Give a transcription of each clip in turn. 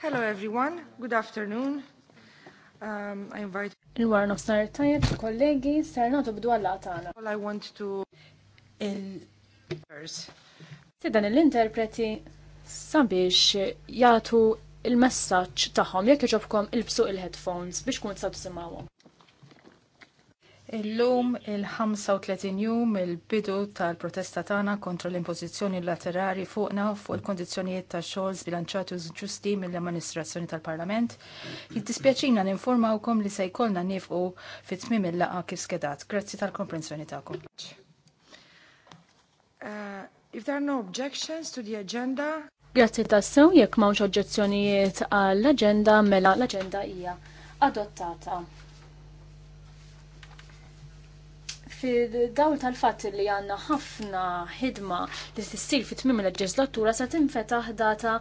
Hello everyone, good afternoon. Um, I invite Il-war nofsnar tajjeb, kollegi, natu tubdu għalla tagħna. All I want to il Sidan l-interpreti sabiex jagħtu il-messaġġ tagħhom jekk iġobkom il-bsuq il-headphones biex kun tistgħu tisimgħuhom. Illum il-35 jum il-bidu tal-protesta tagħna kontra l-impożizzjoni laterali fuqna fuq il-kondizzjonijiet ta' xogħol sbilanċati u ġusti mill-amministrazzjoni tal-Parlament. Jiddispjaċina ninformawkom li se jkollna nifqu fit tmiem il-laqa kif skedat. Grazzi tal-komprensjoni tagħkom. Uh, if there are no objections to the agenda. Grazzi tassew jekk m'hawnx oġġezzjonijiet għall-aġenda mela l-aġenda hija adottata. fil-dawl tal-fatt li għanna ħafna ħidma li tissir fit tmim il-leġislatura se tinfetaħ data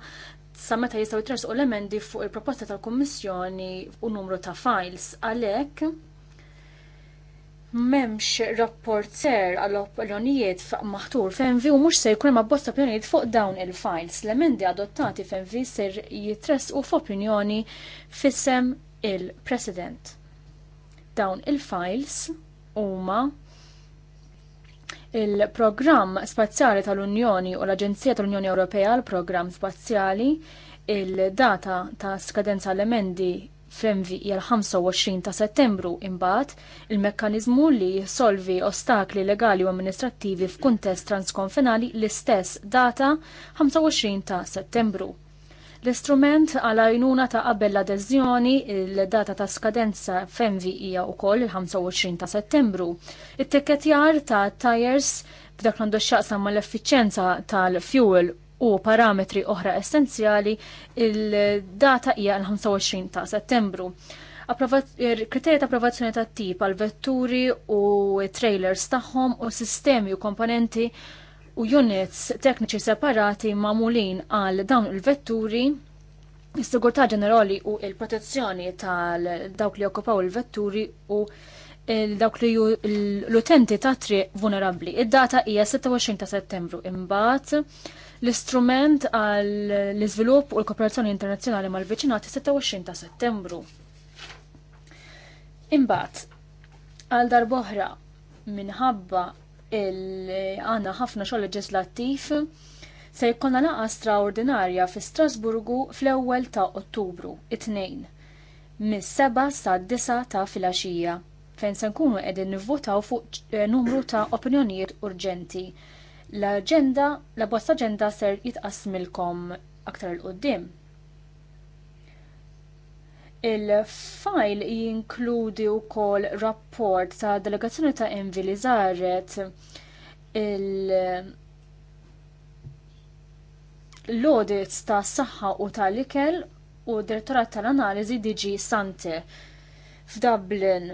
sa meta jistgħu jitresqu l-emendi fuq il-proposta tal-Kummissjoni u numru ta' files għalhekk m'hemmx rapporter għall opinjonijiet maħtur f'envi u mhux se jkun ma' bosta opinjonijiet fuq dawn il-files. L-emendi adottati f'envi ser jitresqu f'opinjoni fissem il-President. Dawn il-files huma Il-programm spazjali tal-Unjoni u l-Aġenzija tal-Unjoni Ewropea għal programm spazjali il-data ta' skadenza l-emendi fl hija l-25 ta' Settembru imbagħad il-mekkaniżmu li jsolvi ostakli legali u amministrattivi f'kuntest transkonfinali l-istess data 25 ta' Settembru. L-istrument għal għajnuna ta' qabel l-adeżjoni il-data ta' skadenza femvi hija wkoll il-25 ta' Settembru. It-tikketjar ta' tires b'dak l xaqsam mal-effiċenza tal-fuel u parametri oħra essenzjali il-data hija l-25 ta' Settembru. Kriterji ta' approvazzjoni ta' tip għal vetturi u trailers tagħhom u sistemi u komponenti u units tekniċi separati mamulin għal dawn il-vetturi, is-sigurtà ġenerali u il-protezzjoni tal dawk li okkupaw il-vetturi u dawk li l-utenti ta' triq vulnerabli. Id-data hija 26 ta' settembru imbagħad l-istrument għal l-iżvilupp u l-kooperazzjoni internazzjonali mal-viċinati 26 ta' settembru. Imbagħad għal darboħra minħabba għandna ħafna xogħol leġislattiv se jkollna laqa straordinarja fi Strasburgu fl-ewwel ta' Ottubru, it-tnejn, mis-7 sa' 9 ta' filgħaxija fejn se nkunu qegħdin nivvotaw fuq eh, numru ta' opinjonijiet urġenti. L-aġenda, la bosta aġenda ser jitqasmilkom aktar il-qoddim. Il-fajl jinkludi wkoll rapport ta' delegazzjoni ta' Envi li żaret il- l-audits ta' saħħa u tal-ikel u direttorat tal-analiżi DG Sante f'Dublin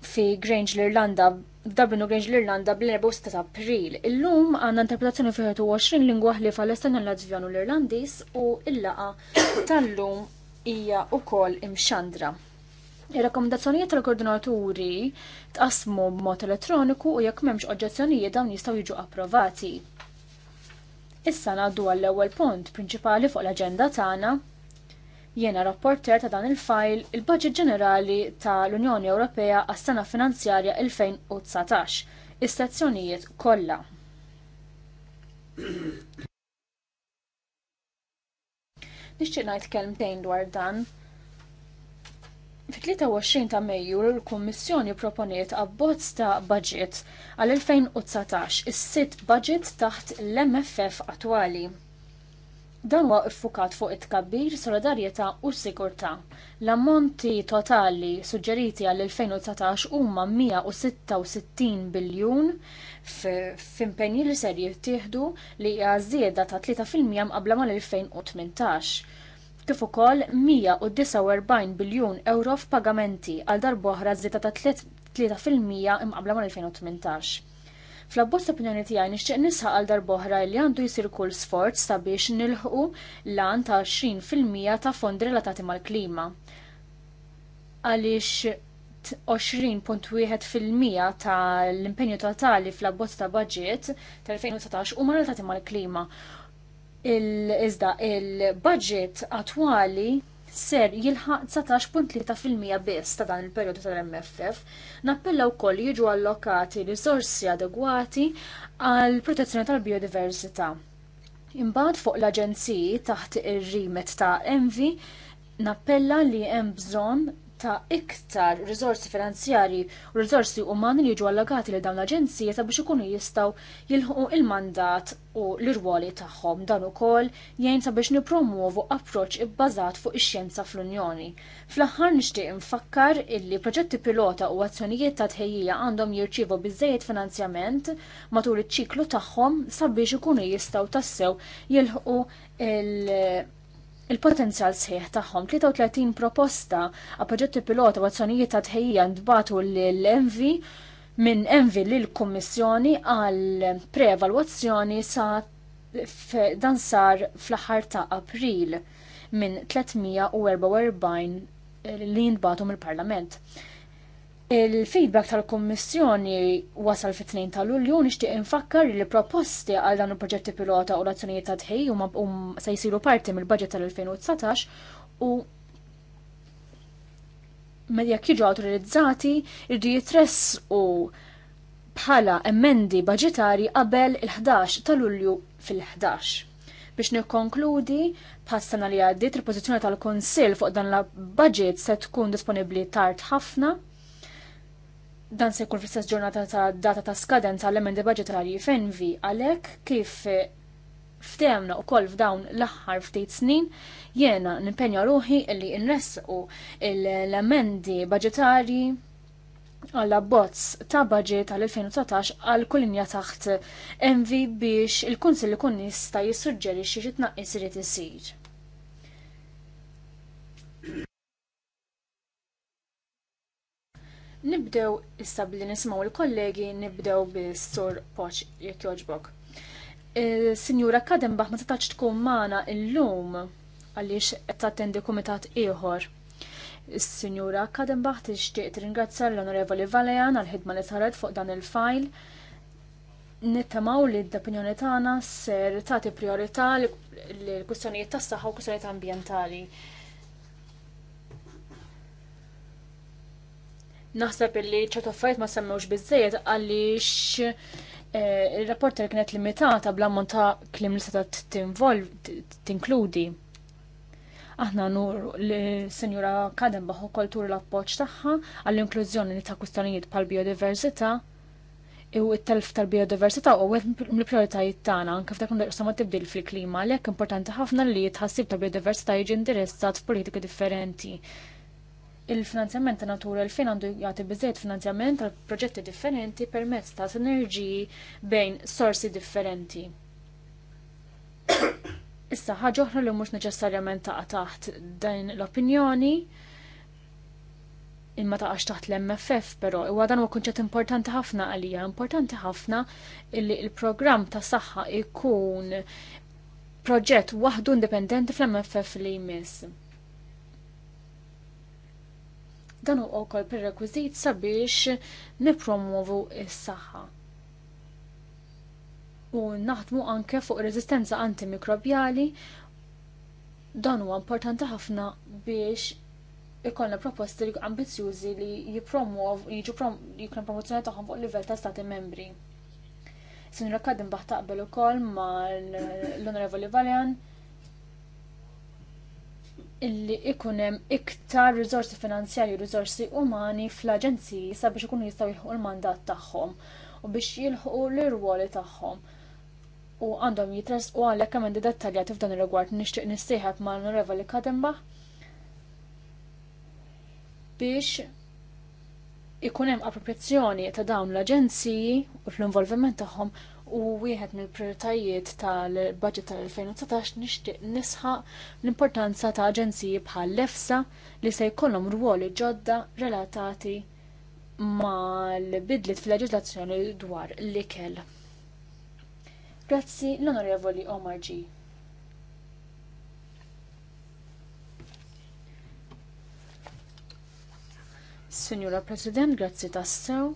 fi Grange l-Irlanda f'Dublin u Grange l-Irlanda bl-4 ta' April. Illum għandna interpretazzjoni fi 20 lingwa ħlifa l-Estonjan, l-Latvjan u l-Irlandis u il-laqa tal-lum hija wkoll imxandra. Ir-rakkomandazzjonijiet tal-koordinaturi tqasmu b'mod elettroniku u jekk m'hemmx oġġezzjonijiet dawn jistgħu jiġu approvati. Issa ngħaddu għall-ewwel punt prinċipali fuq l-aġenda tagħna jiena rapporter ta' dan il-fajl il-Budget Ġenerali tal-Unjoni Ewropea għas-sena finanzjarja 2019, is-sezzjonijiet kollha. Nixtieq ngħid kelmtejn dwar dan. Fit-23 ta' Mejju l-Kummissjoni proponiet abbozz ta' budget għal 2019, is-sitt budget taħt l-MFF attwali. Dan huwa ffukat fuq it-tkabbir, solidarjetà u s-sigurtà. L-ammonti totali suġġeriti għall-2019 huma 166 biljun f'impenji li ser jittieħdu li hija żieda ta' 3% mqabbla mal-2018. Kif ukoll 149 biljun euro f'pagamenti għal oħra żieda ta' 3% imqabbla mal-2018 Fl-abbozz opinjoni tiegħi nixtieq nisħaq għal darboħra li għandu jsir kull sforz sabiex nilħu lan ta' 20% ta' fondi relatati mal-klima. Għaliex 20.1% tal-impenju totali fl-abbozz ta' budget tal-2019 huma relatati mal-klima. Il-iżda il-budget attwali ser jilħaq 19.3% biss ta' dan il-perjodu tal-MFF, nappella wkoll jiġu allokati risorsi adegwati għal protezzjoni tal-biodiversità. Imbagħad fuq l-aġenziji taħt ir-rimet ta' Envi, nappella li hemm bżonn ta' iktar rizorsi finanzjari u rizorsi umani li ġu allagati li dawn l-aġenzija jeta biex ikunu jistaw jilħu il-mandat u l-irwoli tagħhom dan ukoll jgħin sabiex biex approċċ approċ ibbażat fuq ix-xjenza fl-Unjoni. Fl-aħħar nixtieq infakkar illi proġetti pilota u azzjonijiet ta' tħejjija għandhom jirċievu biżejjed finanzjament matul iċ-ċiklu tagħhom sabiex ikunu jistaw tassew jilħu il- il-potenzjal sħiħ tagħhom 33 proposta għal proġetti pilota u azzjonijiet ta' tħejja ntbatu l-Envi minn Envi lill-Kummissjoni għal pre-evaluazzjoni sa' dan sar fl-aħħar ta' April minn 344 li nbatu mill-Parlament. Il-feedback tal-Kommissjoni wasal fit-2 ta' lulju nixtieq infakkar li proposti għal dan il-proġetti pilota u l-azzjonijiet ta' tħej huma se jsiru parti mill-budget tal-2019 u medja jiġu awtorizzati irdu u bħala emendi budgetari qabel il-11 ta' Lulju fil-11. Biex nikkonkludi, passana li għaddit il-pożizzjoni tal-Konsil fuq dan la budget se tkun disponibbli tard ħafna dan se jkun fl-istess ġurnata ta' data ta' skadenza l emendi budgetarji fenvi għalhekk kif ftemna u koll f'dawn l-aħħar ftit snin jena nimpenja ruħi li nresqu l-emendi budgetarji għalla bozz ta' budget għal 2019 għal kullinja taħt MV biex il-kunsil li kun jista' jissuġġerixxi xi tnaqqis irid isir. Nibdew issa billi nismaw il-kollegi, nibdew bis-sur Poċ jekk joġbok. Sinjura Kadenbach ma setax tkun magħna illum għaliex qed tattendi kumitat ieħor. Is-Sinjura Kadenbach tixtieq tirringrazzja l-Onorevoli Valejan għal-ħidma li saret fuq dan il-fajl nittamaw li d-opinjoni tagħna ser tagħti priorità l-kwistjonijiet tas-saħħa u kwistjonijiet ambjentali. Naħseb illi ċertu affarijiet ma semmewx biżejjed għaliex eh, il-rapporter kienet limitata bl-ammont ta' kliem li seta' tinkludi. Aħna nur li senjura Kadem baħu kultur l-appoċ tagħha għall-inklużjoni ta' kustanijiet pal-biodiversità u it telf tal-biodiversità u għed mill-prioritajiet tagħna anke f'dak naqsam ma tibdil fil-klima għalhekk importanti ħafna li tħassib tal-biodiversità jiġi indirizzat f'politiki differenti il-finanzjament ta' natura il-fin għandu jagħti bizzejt finanzjament għal proġetti differenti permezz ta' sinerġiji bejn sorsi differenti. Issa ħaġa oħra li mhux neċessarjament taqa' taħt din l-opinjoni imma għax taħt l-MFF, però huwa dan huwa kunċett importanti ħafna għalija, importanti ħafna li l-programm ta' saħħa ikun proġett waħdu indipendenti fl-MFF li jmiss Dan huwa wkoll prerekwiżit sabiex nippromovu s-saħħa. U naħdmu anke fuq rezistenza antimikrobjali dan huwa importanti ħafna biex ikollna proposti li ambizjużi li jipromov, jiġu prom, jikun promozzjoni tagħhom fuq livell ta' stati membri. Sinjura Kaddim baħ taqbel ukoll ma l-Onorevoli Valjan illi ikunem iktar rizorsi finanzjarji u rizorsi umani fl-aġenziji sabiex ikunu jistaw jilħu l-mandat tagħhom u biex jilħu l-irwoli tagħhom. U għandhom jitres u għalhekk emendi dettaljati f'dan ir regward nixtieq nissieħab ma' l-Onorevoli Kademba biex ikun hemm appropriazzjoni ta' dawn l-aġenziji u l-involviment tagħhom u wieħed mill-prioritajiet tal-budget tal-2019 nixtieq nisħa l-importanza ta' aġenziji bħal lefsa li se jkollhom rwoli ġodda relatati mal-bidlit fil-leġislazzjoni dwar l-ikel. Grazzi l-Onorevoli Omar G. Signora President, grazzi tassew.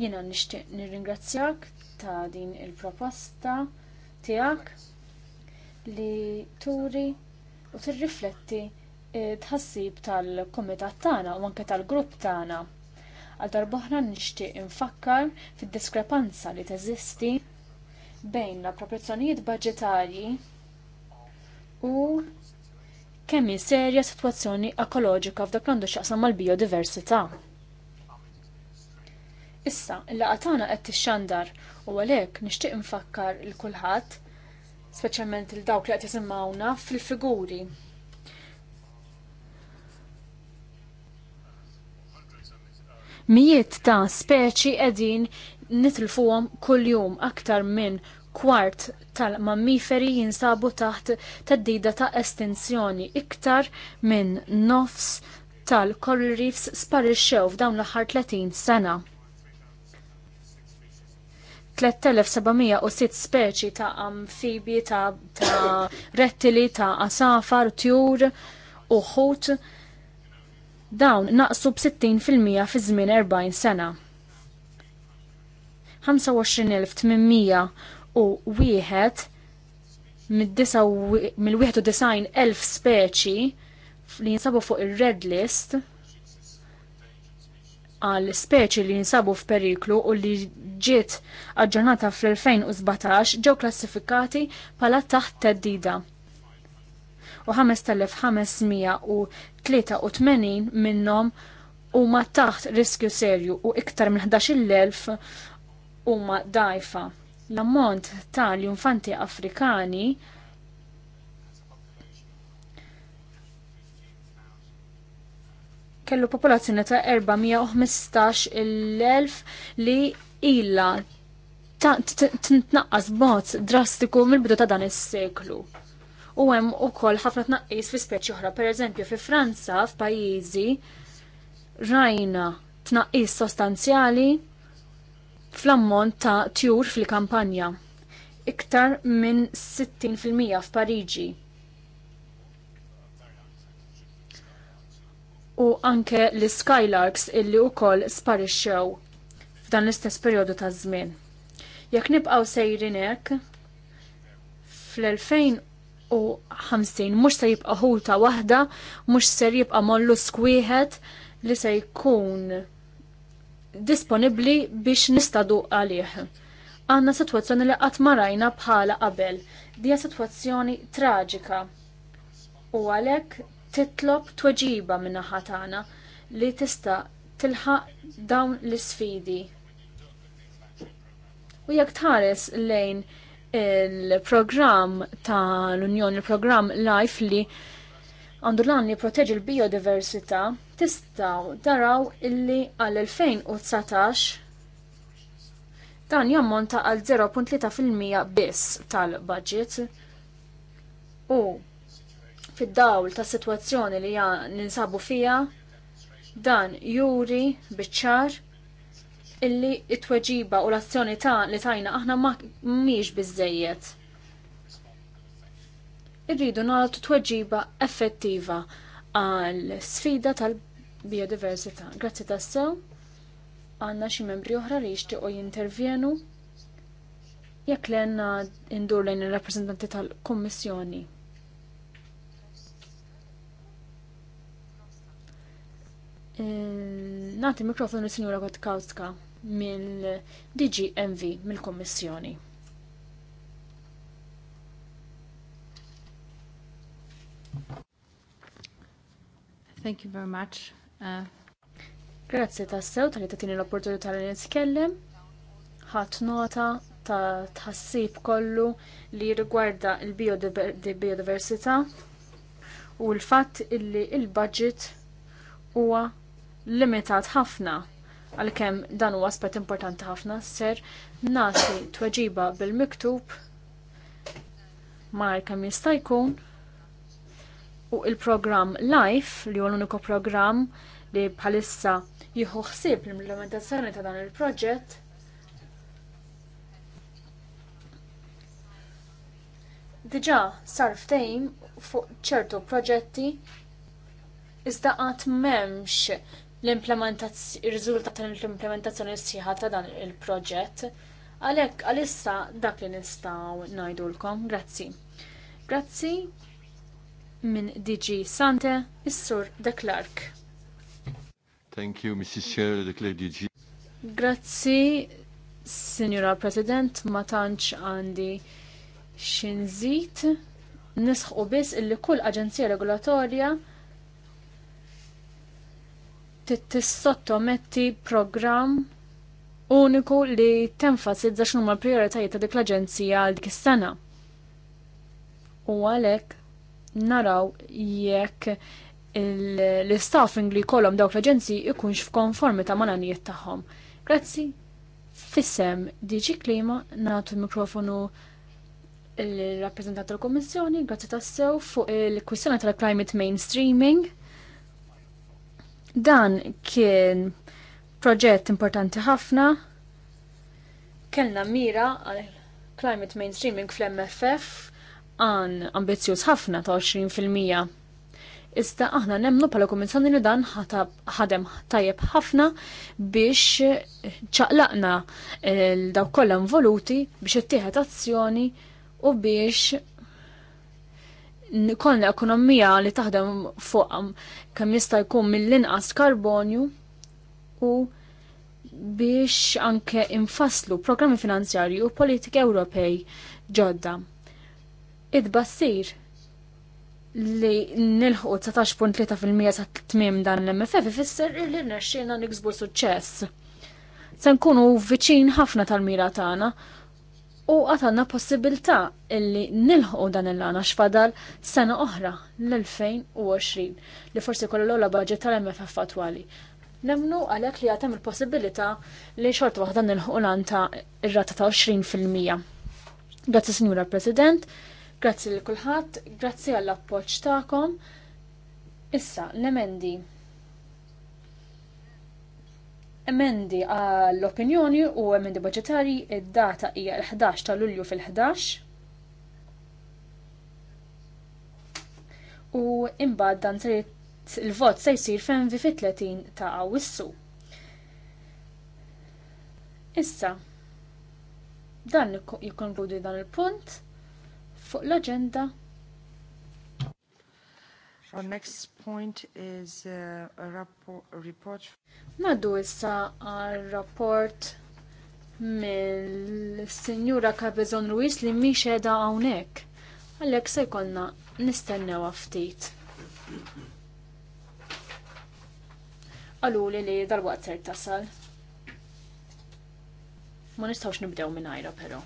Jiena nishtiq nirringrazzjak ta' din il-proposta tiegħek li turi u tirrifletti eh, tħassib tal-komitat tagħna u anke tal-grupp tagħna. Għal boħna nixtieq infakkar fid-diskrepanza li teżisti bejn l-appropriazzjonijiet budġetarji u kemm serja sitwazzjoni ekoloġika f'dak l-għandu x'aqsam mal-biodiversità. Issa, il laqgħa tagħna qed tixxandar u għalhekk nixtieq nfakkar il kulħadd speċjalment il dawk li qed jisimgħuna fil-figuri mijiet ta' speċi edin nitilfuhom kull-jum aktar minn kwart tal-mammiferi jinsabu taħt teddida ta' estinzjoni iktar minn nofs tal-coral reefs sparixxew f'dawn l-aħħar 30 sena. 3706 speċi ta' amfibi, ta', ta rettili, ta' asafar, tjur, uħut. Dawn naqsu b-60% fi żmien 40 sena. 25,800 u wieħed mill-91,000 speċi li jinsabu fuq ir red list għal speċi li jinsabu f'periklu u li ġiet aġġornata fl-2017 ġew klassifikati bħala taħt teddida. U 5583 minnhom huma taħt riskju serju u iktar minn 11,000 huma dajfa. L-ammont tal-infanti Afrikani kellu popolazzjoni ta' 415,000 li illa tnaqqas b'mod drastiku mill-bidu ta' dan is-seklu. U hemm ukoll ħafna tnaqqis fi speċi oħra, pereżempju fi Franza f'pajjiżi rajna tnaqqis sostanzjali fl-ammont ta' tjur fil-kampanja. Iktar minn 60% f'Pariġi u anke l-Skylarks illi wkoll sparixxew f'dan l-istess perjodu ta' żmien. Jekk nibqgħu sejrin hekk fl-2050 mhux se jibqa' ħuta waħda, mhux ser jibqa' mollu skwieħed li se jkun disponibli biex nistadu għalih. Għanna situazzjoni li qatt marajna bħala qabel. Dija situazzjoni traġika. U għalhekk titlob tweġiba min-naħa tagħna li tista' tilħaq dawn l-isfidi. U jekk tħares lejn il-programm ta' l-Unjoni, il-programm Life li għandu l-għan li proteġi l-biodiversità, tistaw daraw illi għal-2019 dan jammonta għal 0.3% biss tal-budget u fid-dawl ta' situazzjoni li ninsabu fija, dan juri biċċar illi it-tweġiba u l-azzjoni ta' li tajna aħna miex bizzejiet. Irridu nagħtu tweġiba effettiva għal sfida tal-biodiversità. Grazzi tassew, għanna xi membri oħra li jixtiequ jintervjenu jekk lenna indur lejn il-rappreżentanti tal-Kummissjoni. Eh, nati mikrofonu il sinjura Kotkowska mill-DG MV mill-Kommissjoni. Thank you very much. Uh... Grazie sew tal-li tatini l-opportunità li nitkellem. Ħadd nota ta' tħassib kollu li rigwarda l-biodiversità u l-fatt li il-budget huwa limitat ħafna għalkemm dan huwa aspett importanti ħafna ser nasi tweġiba bil-miktub mar kemm jista' jkun u il-programm Life li huwa uniku programm li bħalissa jieħu ħsieb l-implementazzjoni ta' dan il-proġett diġa' sar fuq ċertu proġetti iżda qatt m'hemmx l-implementazi, il ta' tal-implementazzjoni sħiħa ta' dan il-proġett. Għalhekk għalissa dak li nistgħu ngħidulkom. Grazzi. Grazzi minn DG Sante, is-Sur De Clark. Thank you, Mrs. Chair, De Clark DG. Grazzi, Signora President, ma tantx għandi xinżit nisħu biss illi kull aġenzija regolatorja tissottometti programm uniku li tenfasizza x'numa l prioritajiet ta' dik l-Aġenzija għal dik is-sena. U għalhekk naraw jekk l-staffing li jkollhom dawk l-aġenziji ikunx f'konformità ma' l-għanijiet tagħhom. Grazzi. Fissem diġi klima nagħtu l-mikrofonu l-rappresentant tal komissjoni grazzi tassew fuq il kwissjoni tal-climate mainstreaming Dan kien proġett importanti ħafna. Kellna mira għal climate mainstreaming fl-MFF għan ambizjuż ħafna ta' 20%. Iżda aħna nemmnu pala kummissjoni li dan ħadem tajjeb ħafna biex ċaqlaqna eh, l-daw kollha involuti biex ittieħed azzjoni u biex l ekonomija li taħdem fuq um, kemm jista' jkun mill-inqas karbonju u biex anke infaslu programmi finanzjarji u Politiki Ewropej ġodda. Id-bassir li nilħu 19.3% sa' tmiem dan l-MFF ifisser li nirxina niksbu suċċess. Se nkunu viċin ħafna tal-mira tagħna u għatanna possibilità illi nilħu dan il-għana xfadal sena oħra l-2020 li forsi kollu l-ola budget tal-MFF attwali. Nemnu għalek li għatem il-possibilità li xort waħda nilħu l ta' il rata ta' 20%. Grazzi Signora President, grazzi li kulħadd, grazzi għall-appoċ ta'kom. Issa, l-emendi emendi għall-opinjoni u emendi budgetari id-data hija l-11 ta' Lulju fil-11. U imbagħad dan il-vot se jsir fejn fit 30 ta' Awwissu. Issa dan jikkonkludi dan il-punt fuq l-aġenda Our next point is uh, a rapport, report. Naddu issa għal rapport mill-Sinjura Kabezon Ruiz li mhix edha hawnhekk. Għalhekk se jkollna nistennew ftit. Għaluli li dal-waqt ser tasal. Ma nistgħux nibdew minn ajra però.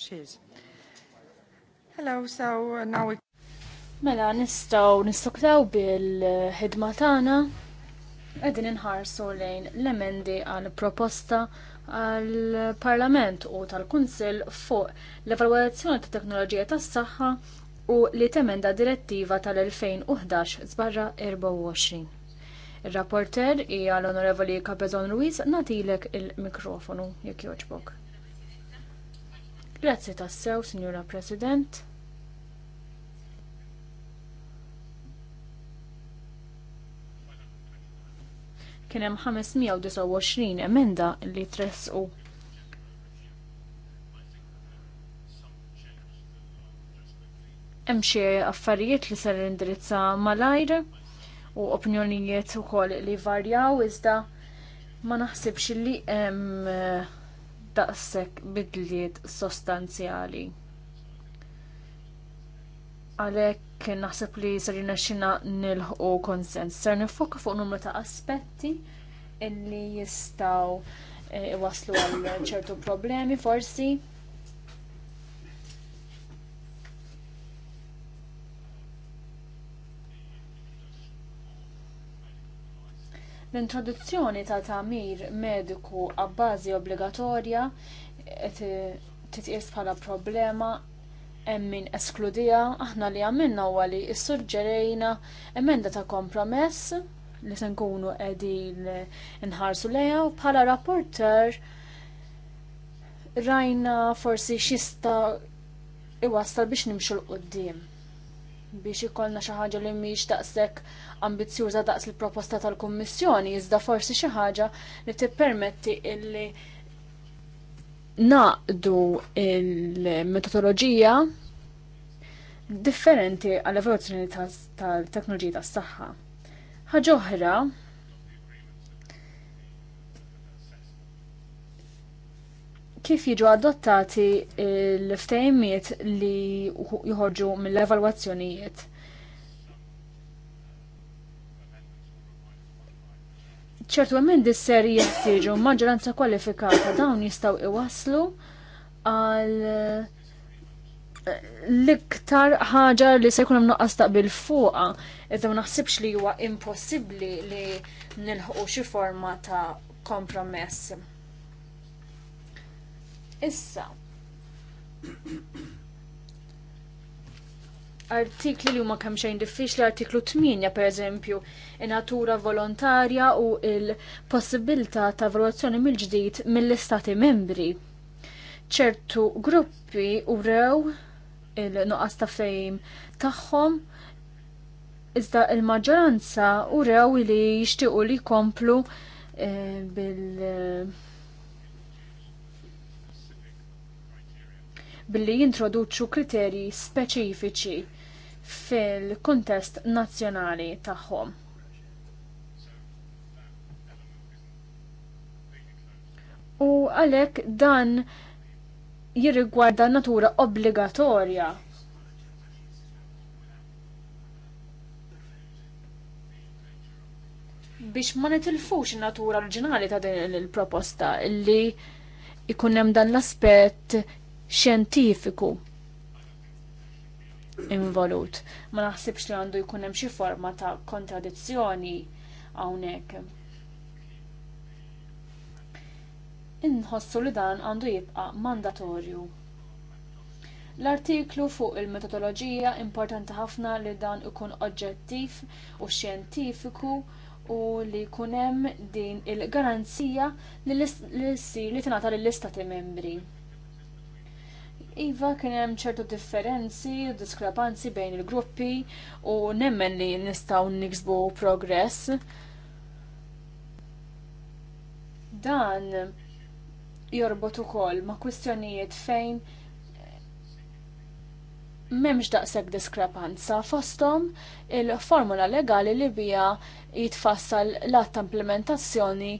she Hello, so uh, now we... Mela, nistaw nistoktaw bil-ħidma tagħna qegħdin inħarsu lejn l-emendi għal proposta għal-Parlament u tal-Kunsill fuq l-evalwazzjoni ta' teknoloġija tas-saħħa u li temenda direttiva tal-2011 sbarra 24. Il-rapporter hija l-Onorevoli Capezon Ruiz natilek il-mikrofonu jekk joġbok. Grazzi tassew, Signora President. Kien hemm 529 emenda li tressu. hemm xi affarijiet li ser indirizza malajr u opinjonijiet ukoll li varjaw iżda ma naħsibx li hemm daqshekk bidliet sostanzjali. Għalhekk naħseb li sarina xina nilħu konsens. Ser nifoka fuq numru ta' aspetti illi jistgħu eh, waslu għal ċertu problemi forsi L-introduzzjoni ta' tagħmir mediku għabbażi obbligatorja qed titqies bħala problema hemm min eskludija aħna li għamilna huwa li issuġġerejna emenda ta' kompromess li se nkunu qegħdin inħarsu lejha u bħala rapporter rajna forsi xista iwassal biex nimxu l-qoddim biex ikollna xi ħaġa li mhix taqsek ambizzjuża daqs il-proposta tal-Kummissjoni, iżda forsi xi ħaġa li tippermetti illi naqdu il-metodoloġija differenti għall evoluzzjoni tal-teknoloġija tas-saħħa. Ħaġa oħra kif jiġu adottati l-ftejmiet li juħorġu mill-evalwazzjonijiet ċertu emendi ser jeħtieġu maġġoranza kwalifikata dawn jistgħu iwaslu għal eh, l-iktar ħaġa li se jkun hemm noqqas taqbil fuqa, iżda ma naħsibx li huwa impossibbli li nilħqu xi forma ta' kompromess. Issa, artikli li huma kemm xejn diffiċli artiklu 8 pereżempju in-natura volontarja u il-possibilità ta' valutazzjoni mill-ġdid mill-istati membri. ċertu gruppi urew il-nuqqas ta' fejm tagħhom iżda il-maġġoranza urew li jixtiequ li jkomplu eh, bil- billi jintroduċu kriterji speċifiċi fil-kuntest nazzjonali tagħhom. U għalhekk dan jirrigwarda natura obbligatorja biex ma nitilfux in-natura oriġinali ta' din il-proposta li ikunem hemm dan l-aspett xjentifiku involut. Ma naħsibx li għandu jkun hemm xi forma ta' kontradizzjoni hawnhekk. Inħossu li dan għandu jibqa' mandatorju. L-artiklu fuq il-metodoloġija importanti ħafna li dan ikun oġġettiv u xjentifiku u li jkun hemm din il-garanzija li sir li tingħata lill-istati membri Iva kien hemm ċertu differenzi, u diskrepanzi bejn il-gruppi u nemmen li nistgħu niksbu progress. Dan jorbot ukoll ma' kwistjonijiet fejn m'hemmx daqshekk diskrepanza fosthom il-formula legali li bija jitfassal l-att implementazzjoni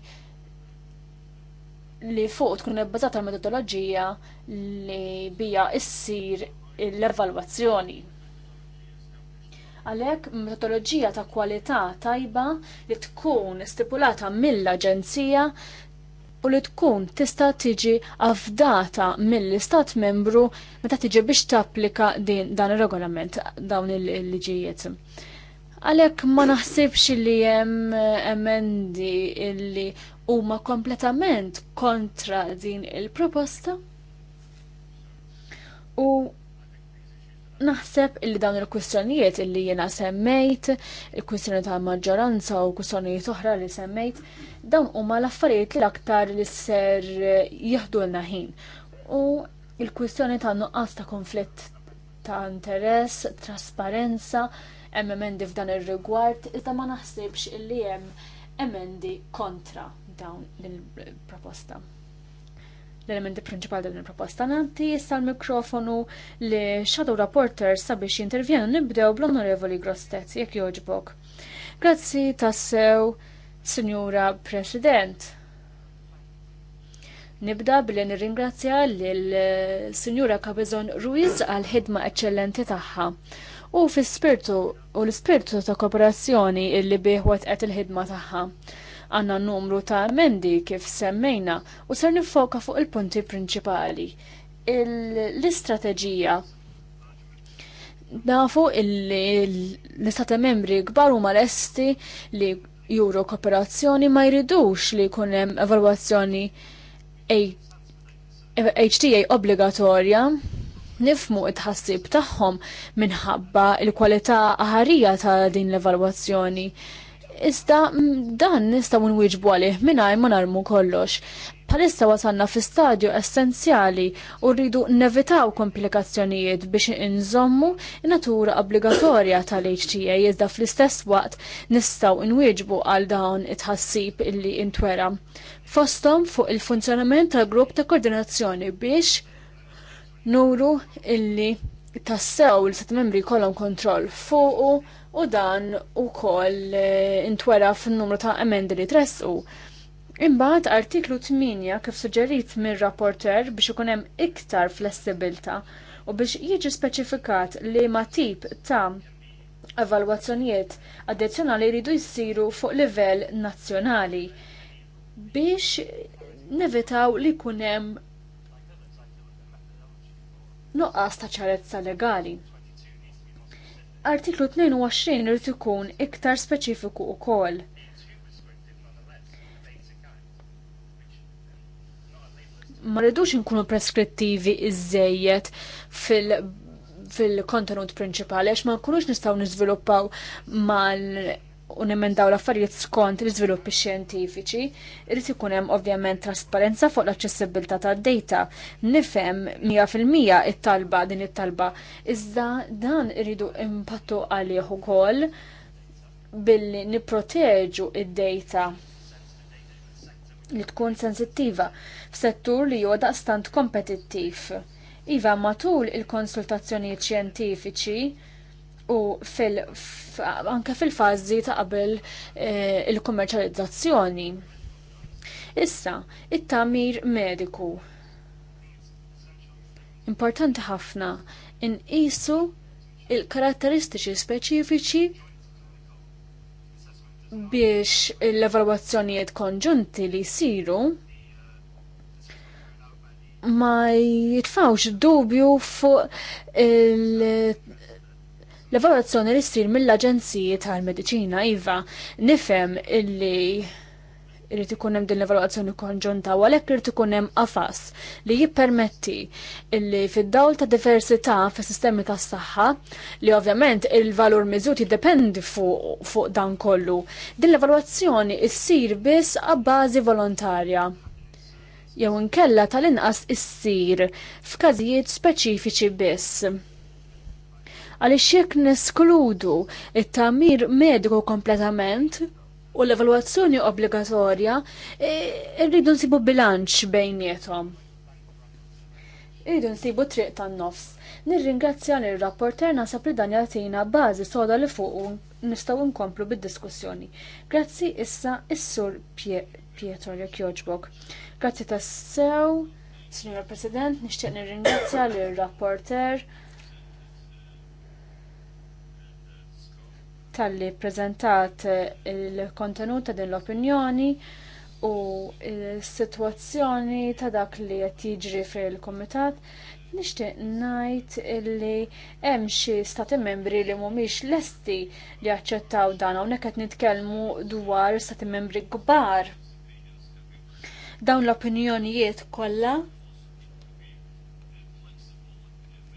li fuq tkun ibbażata metodoloġija li bija issir l-evalwazzjoni. Għalhekk metodoloġija ta' kwalità tajba li tkun stipulata mill-Aġenzija u li tkun tista' tiġi avdata mill-Istat membru meta tiġi biex tapplika din dan ir-regolament dawn il-liġijiet. Għalhekk ma naħsibx li hemm emendi illi huma kompletament kontra din il-proposta u naħseb li dawn il-kwistjonijiet illi jena semmejt, il-kwistjoni ta' maġġoranza u kwistjonijiet oħra li semmejt, dawn huma l-affarijiet li l-aktar li ser l ħin. U il-kwistjoni ta' nuqqas ta' konflitt ta' interess, trasparenza, hemm emendi f'dan ir-rigward, iżda ma naħsibx illi hemm emendi kontra dawn din il-proposta. L-elementi prinċipali din il-proposta nanti jissa l-mikrofonu li Shadow Reporter sabiex jintervjenu nibdew bl-Onorevoli Grostez jekk joġbok. Grazzi tassew, Signora President. Nibda billi nirringrazzja lill-Sinjura eh, Cabezon Ruiz għal ħidma eċċellenti tagħha. U fil spirtu u l-spirtu ta' kooperazzjoni illi bieħwet qed il-ħidma tagħha. Għanna numru ta' emendi kif semmejna u ser nifoka fuq il-punti prinċipali. L-istrateġija nafu l istat membri gbar u malesti li juru kooperazzjoni ma jridux li jkun hemm evalwazzjoni HTA obbligatorja nifmu it-ħassib tagħhom minħabba l-kwalità aħarija ta' din l-evalwazzjoni. Iżda dan nistgħu nwieġbu għalih mingħajr ma narmu kollox. Palissa wasanna fi stadju essenzjali u rridu nevitaw komplikazzjonijiet biex inżommu natura obbligatorja tal-HTA iżda fl-istess waqt nistaw nwieġbu għal dawn it-ħassib illi intwera. Fostom fuq il-funzjonament tal-grupp ta' koordinazzjoni biex nuru illi tassew l-set membri kolom kontroll fuqu u dan ukoll eh, intwera fin-numru ta' emendi li tressu. Imbagħad artiklu 8 kif suġġerit mir-rapporter biex ikun hemm iktar flessibilta u biex jiġi speċifikat li ma tip ta' evalwazzjonijiet addizzjonali jridu jsiru fuq livell nazzjonali biex nevitaw li jkun hemm nuqqas ta' ċarezza legali artiklu 22 irid ikun iktar speċifiku wkoll. Ma rridux inkunu preskrittivi iżejjed fil- fil-kontenut prinċipali għax ma nkunux nistgħu niżviluppaw mal u nimendaw l-affarijiet skont l-iżviluppi xjentifiċi, irid ikun hemm ovvjament trasparenza fuq l-aċċessibilità tad-data. Nifhem 100% it-talba din it-talba, iżda dan iridu impattu għalih ukoll billi nipproteġu id-data li tkun sensittiva f'settur li huwa daqstant kompetittiv. Iva matul il-konsultazzjonijiet xjentifiċi u fil anke fil-fazzi ta' qabel eh, il-kummerċjalizzazzjoni. Issa, it-tamir mediku. Importanti ħafna inqisu il-karatteristiċi speċifiċi biex l-evalwazzjonijiet konġunti li jsiru ma jitfawx dubju fuq L-evaluazzjoni li ssir mill-Aġenziji tal-Mediċina iva nifhem illi irrid ikun hemm din l-evaluazzjoni konġunta u għalhekk irid ikun hemm qafas li jippermetti illi fid-dawl ta' diversità fis-sistemi tas-saħħa li ovvjament il-valur miżut jiddependi fuq fu dan kollu. Din l-evaluazzjoni ssir biss għabbażi volontarja jew inkella tal-inqas issir f'każijiet speċifiċi biss għaliex jekk neskludu it-tamir medru kompletament u l-evalwazzjoni obbligatorja, e, irridu nsibu bilanċ bejnietom. Irridu nsibu triq tan-nofs. Nirringrazzja lir rapporter nasab li dan jagħtina bażi soda li fuq nistgħu nkomplu bid-diskussjoni. Grazzi issa is-sur Pietro jekk jogħġbok. Grazzi tassew. Signor President, nixtieq nirringrazzja lir rapporter tal-li prezentat eh, il-kontenut ta' din l-opinjoni u il-situazzjoni ta' dak li qed jiġri fil-Komitat. Nixtieq ngħid illi hemm xi stati membri li mhumiex lesti li jaċċettaw dan hawnhekk qed nitkellmu dwar stati membri kbar. Dawn l-opinjonijiet kollha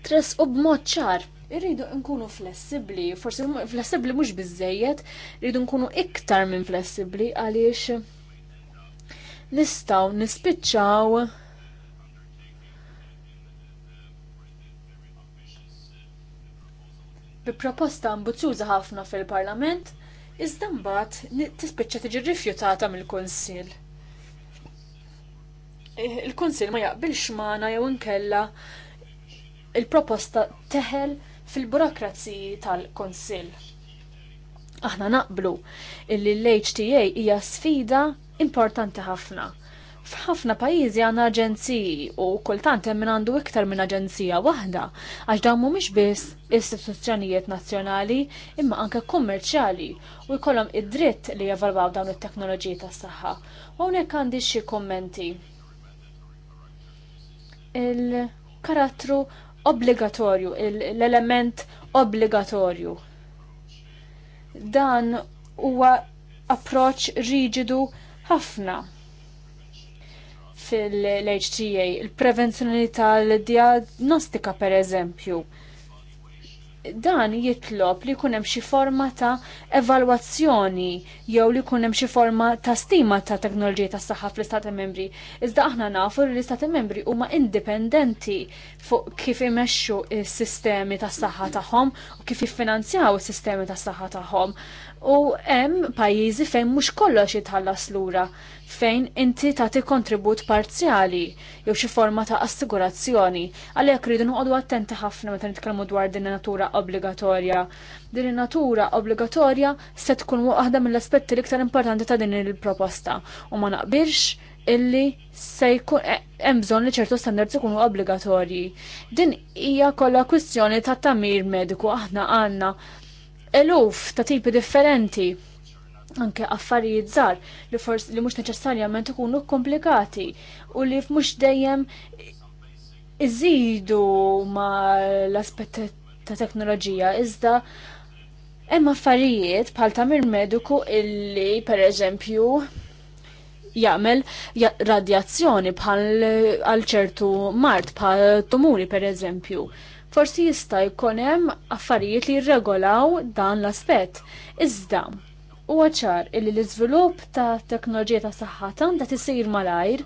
tres u b'mod ċar irridu nkunu flessibli, forsi flessibli mhux biżejjed, irridu nkunu iktar minn flessibli għaliex nistgħu nispiċċaw bi proposta ambizjuża ħafna fil-Parlament, iżda mbagħad tispiċċa tiġi rrifjutata mill-Kunsill. Eh, Il-Kunsill ma jaqbilx magħna jew inkella il-proposta teħel fil-burokrazija tal konsil Aħna naqblu illi l-HTA hija sfida importanti ħafna. F'ħafna pajjiżi għandna aġenziji u kultant hemm min għandu iktar minn aġenzija waħda għax dawn mhumiex biss istituzzjonijiet nazzjonali imma anke kummerċjali u jkollhom id-dritt li jevalwaw dawn it-teknoloġiji tas-saħħa. U hawnhekk għandi xi kummenti il-karattru obbligatorju, l-element obbligatorju. Dan huwa approċ riġidu ħafna fil-HTA, il-prevenzjoni tal-diagnostika per eżempju dan jitlob li jkun hemm xi forma ta' evalwazzjoni jew li jkun hemm xi forma ta' stima ta' teknoloġija tas saħħa fl-Istati Membri. Iżda aħna nafu li l-Istati Membri huma indipendenti fuq kif imexxu s-sistemi tas saħħa tagħhom u kif jiffinanzjaw is-sistemi tas saħħa tagħhom u hemm pajjiżi fejn mhux kollox jitħallas lura fejn inti tagħti kontribut parzjali jew xi forma ta' assigurazzjoni. Għalhekk rridu noqogħdu attenti ħafna meta nitkellmu dwar din natura obbligatorja. Din natura obbligatorja se tkun waħda mill-aspetti l-iktar importanti ta' din il-proposta u ma naqbilx illi se jkun e, hemm bżonn li ċertu standards ikunu obbligatorji. Din hija kollha kwistjoni ta' tamir mediku aħna għandna eluf ta' tipi differenti anke affarijiet żgħar li forsi li mhux neċessarjament ikunu komplikati u li mhux dejjem iżidu ma l-aspett ta' teknoloġija iżda hemm affarijiet bħal tagħmir mediku illi pereżempju jagħmel radjazzjoni bħal għal ċertu mart bħal tumuri pereżempju forsi jista' jkun hemm affarijiet li jirregolaw dan l-aspett. Iżda U ċar illi l-iżvilupp ta' teknoloġija ta' saħħa tanda tisir malajr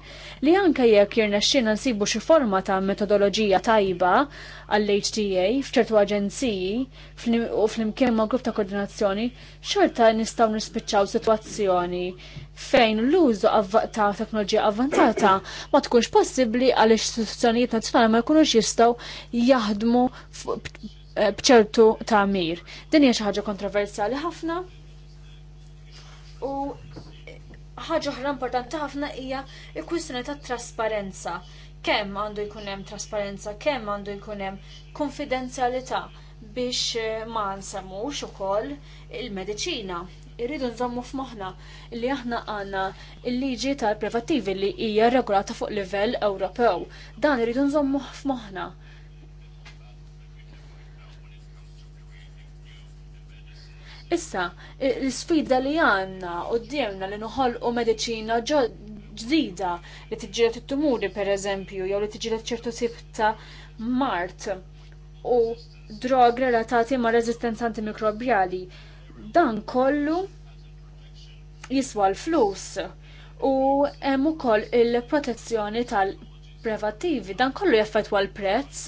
li anke jekk jirnexxina nsibu xi forma ta' metodoloġija tajba għall-HTA f'ċertu aġenziji u fl-imkien ma' grupp ta' koordinazzjoni xorta nistgħu nispiċċaw sitwazzjoni fejn l-użu ta' teknoloġija avvantata ma tkunx possibbli għal istituzzjonijiet nazzjonali ma jkunux jistgħu jaħdmu bċertu ta' mir. Din hija xi ħaġa kontroversjali ħafna U eh, ħaġa oħra importanti ħafna hija l-kwistjoni ta' trasparenza. Kemm għandu jkun hemm trasparenza, kemm għandu jkun hemm konfidenzjalità biex eh, ma nsemmux ukoll il-mediċina. Irridu nżommu f'moħħna li aħna għandna l-liġi tal-privattivi li hija regolata fuq livell Ewropew. Dan irridu nżommu f'moħħna Issa, l-sfida li għanna u d djemna li nħolqu medicina ġdida li t-ġilet t-tumuri per eżempju, jew li t-ġilet ċertu tip ta' mart u drog relatati ma' rezistenza antimikrobjali. Dan kollu jiswa l-flus u hemm ukoll il-protezzjoni tal-prevativi. Dan kollu jaffetwa l-prezz,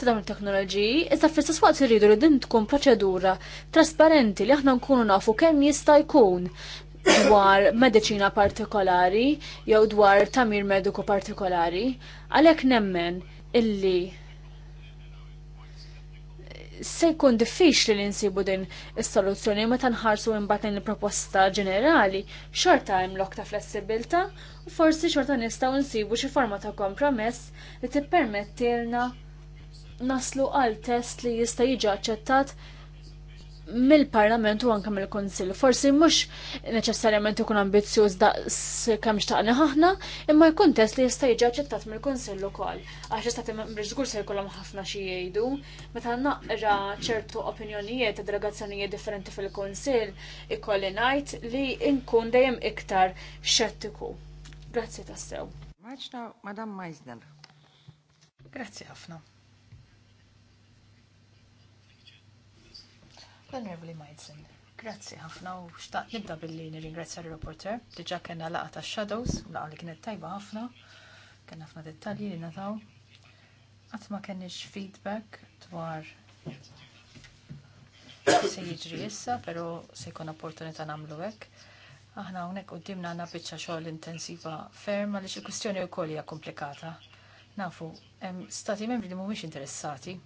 ta' dawn it-teknoloġiji, iżda fl-istess waqt irridu li din tkun proċedura trasparenti li aħna nkunu nafu kemm jista' jkun dwar medicina partikolari jew dwar tamir mediku partikolari, għalhekk nemmen illi se jkun diffiċli li nsibu din is-soluzzjoni meta nħarsu imbagħad il-proposta ġenerali, xorta hemm lok ta' flessibilta u forsi xorta nistgħu nsibu xi forma ta' kompromess li tippermettilna naslu għal test li jista' jiġi aċċettat mill-Parlament u anke mill-Konsil. Forsi mhux neċessarjament ikun ambizzjuż daqs kemm xtaqni aħna, imma jkun test li jista' jiġi aċċettat mill-Kunsill ukoll. Għax jista' membri żgur se jkollhom ħafna xi jgħidu, meta naqra ċertu opinjonijiet ta' delegazzjonijiet differenti fil-Kunsill, ikolli ngħid li nkun dejjem iktar xettiku. Grazzi tassew. Maċna, Madam Meisner. Grazzi ħafna. L-Onorevoli Majdzen. Grazzi ħafna u xtaqt nibda billi nirringrazzja l-reporter. Diġa kena laqa ta' Shadows, u laqa li kienet tajba ħafna. Kena ħafna dettalji li nataw. Għatma kenix feedback dwar se jiġri issa, pero se jkun opportunità namlu hekk. Aħna hawnhekk quddiemna għandna biċċa xogħol intensiva ferm għaliex il-kwistjoni wkoll hija komplikata. Nafu, hemm stati membri li mhumiex interessati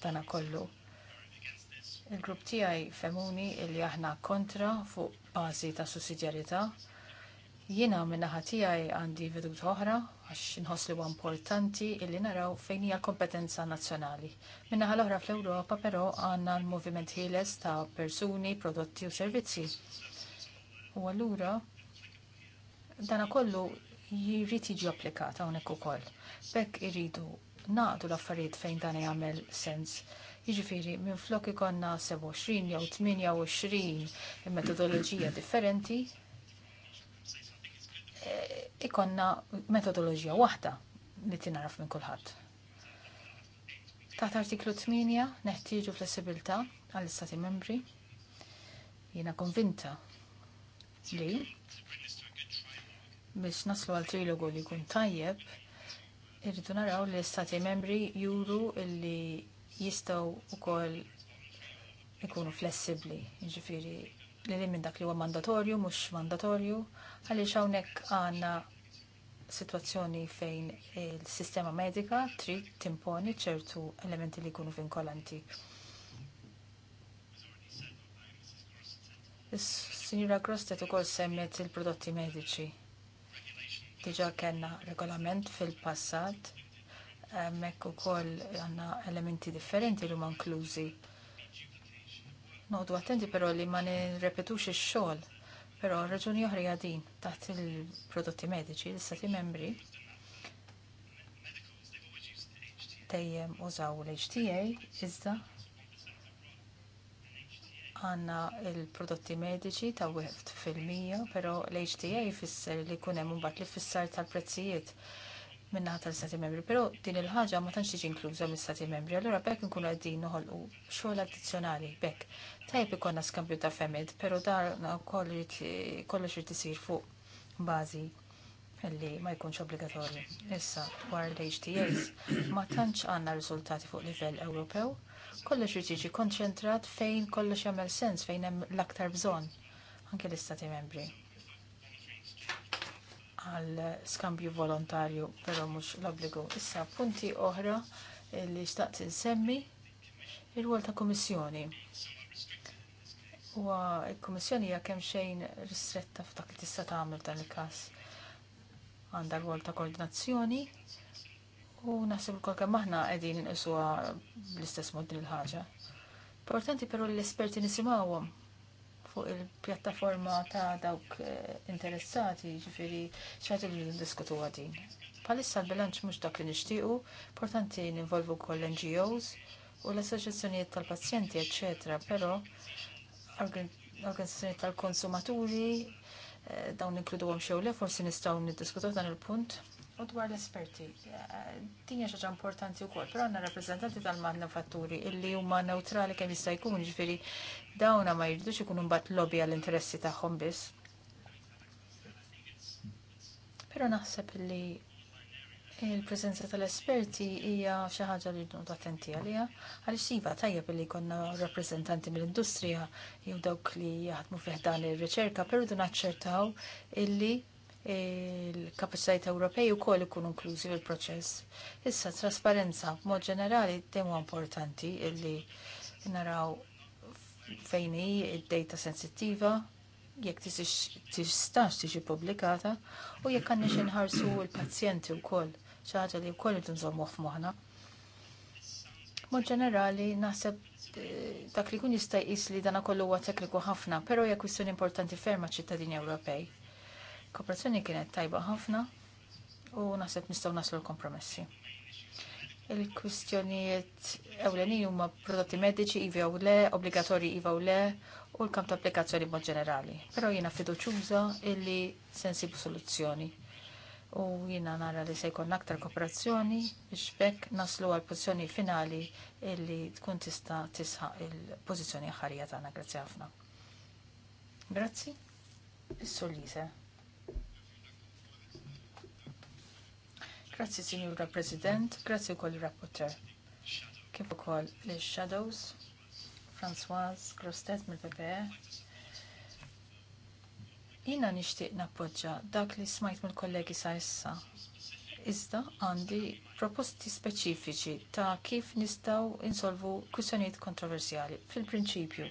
tana kollu Il-grupp tiegħi femuni li aħna kontra fuq bażi ta' sussidjarjetà. Jiena minnaħa naħa tiegħi għandi vedut oħra għax nħoss li huwa importanti illi naraw fejn hija kompetenza nazzjonali. Min-naħa l-oħra fl-Ewropa però għandna l-moviment ħieles ta' persuni, prodotti u servizzi. U allura dana kollu jirrid jiġi applikat hawnhekk ukoll. Bekk iridu naqdu l-affarijiet fejn dan jagħmel sens. Jiġifieri minflok ikonna 27 jew 28 metodoloġija differenti, e, ikonna metodoloġija waħda li tinaraf minn kulħadd. Taħt artiklu 8 neħtieġu flessibilità għall-Istati membri. Jiena konvinta li biex naslu għal trilogu li jkun tajjeb, irridu naraw li stati membri juru li jistaw u koll ikunu flessibli, ġifiri li li minn dak li huwa mandatorju, mux mandatorju, għalli xawnek għanna situazzjoni fejn il-sistema medika trid timponi ċertu elementi li jkunu vinkolanti. Signora Grostet ukoll semmet il-prodotti mediċi. Diġa kellna regolament fil-passat Mekk u koll għanna elementi differenti li huma inklużi. Noqdu attenti però li ma nirrepetux ix-xogħol. Però raġuni oħra din taħt il-prodotti mediċi l istati membri dejjem użaw l-HTA iżda għanna il-prodotti mediċi ta' wieħed fil-mija, pero l-HTA jfisser li jkun hemm bat li fissar tal-prezzijiet minnaħat tal-Stati Membri, pero din il-ħaġa ma tantx tiġi inkluża mill-Stati Membri, allora bekk nkunu qegħdin noħolqu xogħol addizzjonali bekk. Tajb ikonna skambju ta' femid, pero dar kollox irid isir fuq bażi li ma jkunx obbligatorju. Issa, dwar l-HTAs, ma tantx għandna riżultati fuq livell Ewropew, kollox irid jiġi konċentrat fejn kollox jagħmel sens fejn hemm l-aktar bżonn anke l-Istati Membri għal skambju volontarju, pero mux l-obbligu. Issa, punti oħra li xtaqt insemmi il-wol ta' komissjoni. U il-komissjoni hija kemm xejn ristretta f'dak li tista' tagħmel dan il-każ. Għandha l ta' koordinazzjoni u naħseb ukoll kemm aħna qegħdin inqisuha bl-istess mod din il-ħaġa. Importanti però l-esperti nisimgħuhom fuq il-pjattaforma ta' dawk eh, interessati, ġifiri, xħat il-diskutu għadin. Palissa l-bilanċ mux dak li nishtiqu, importanti ninvolvu koll NGOs u l assoċazzjoniet tal-pazjenti, ecc. pero organizzazzjonijiet tal-konsumaturi, eh, dawn inkludu għom xewle, forsi nistaw nid-diskutu dan il-punt. U dwar l-esperti, tinja eh, xaġa importanti u kol, pero għanna rappresentanti tal-manufatturi illi huma neutrali kemm jista' jkun ġifiri dawna ma jirdux ikunu mbagħad lobby għall-interessi tagħhom biss. Pero naħseb li il-preżenza tal-esperti hija xi ħaġa li rridu attenti għaliha għaliex iva tajjeb li konna rappreżentanti mill-industrija jew dawk li jaħdmu fih dan ir-riċerka, però rridu naċċertaw illi il-kapacitajt Ewropej ukoll ikunu inklużi fil-proċess. Issa trasparenza b'mod ġenerali dejjem importanti illi naraw fejn hi id-data sensittiva jekk tistax tiġi pubblikata u jekk għandix inħarsu l-pazjenti wkoll xi ħaġa li wkoll tinżommu f'moħħna. Mod ġenerali naħseb eh, dak li jkun jista' jqis li dana kollu huwa tekniku ħafna, però hija kwistjoni importanti ferma ċittadini Ewropej Kooperazzjoni kienet tajba ħafna u naħseb nistgħu naslu l-kompromessi. Il-kwistjonijiet ewlenin huma prodotti mediċi iva u le, obbligatorji iva u le, u l-kamp ta' applikazzjoni mod ġenerali. Però jiena fiduċuża illi sensibu soluzzjoni u jiena nara li se jkun aktar kooperazzjoni biex bekk naslu għal pożizzjoni finali illi tkun tista tisħaq il-pożizzjoni ħarija tagħna. Grazzi ħafna. Grazzi. Is-sur Grazzi, Signora President, Grazie, wkoll rapporteur. rapporter Kif ukoll le shadows François Grostet mill-PPE. Jina nixtieq nappoġġa dak li smajt mill-kollegi sa issa. Iżda għandi proposti speċifiċi ta' kif nistgħu insolvu kwistjonijiet kontroversjali. Fil-prinċipju,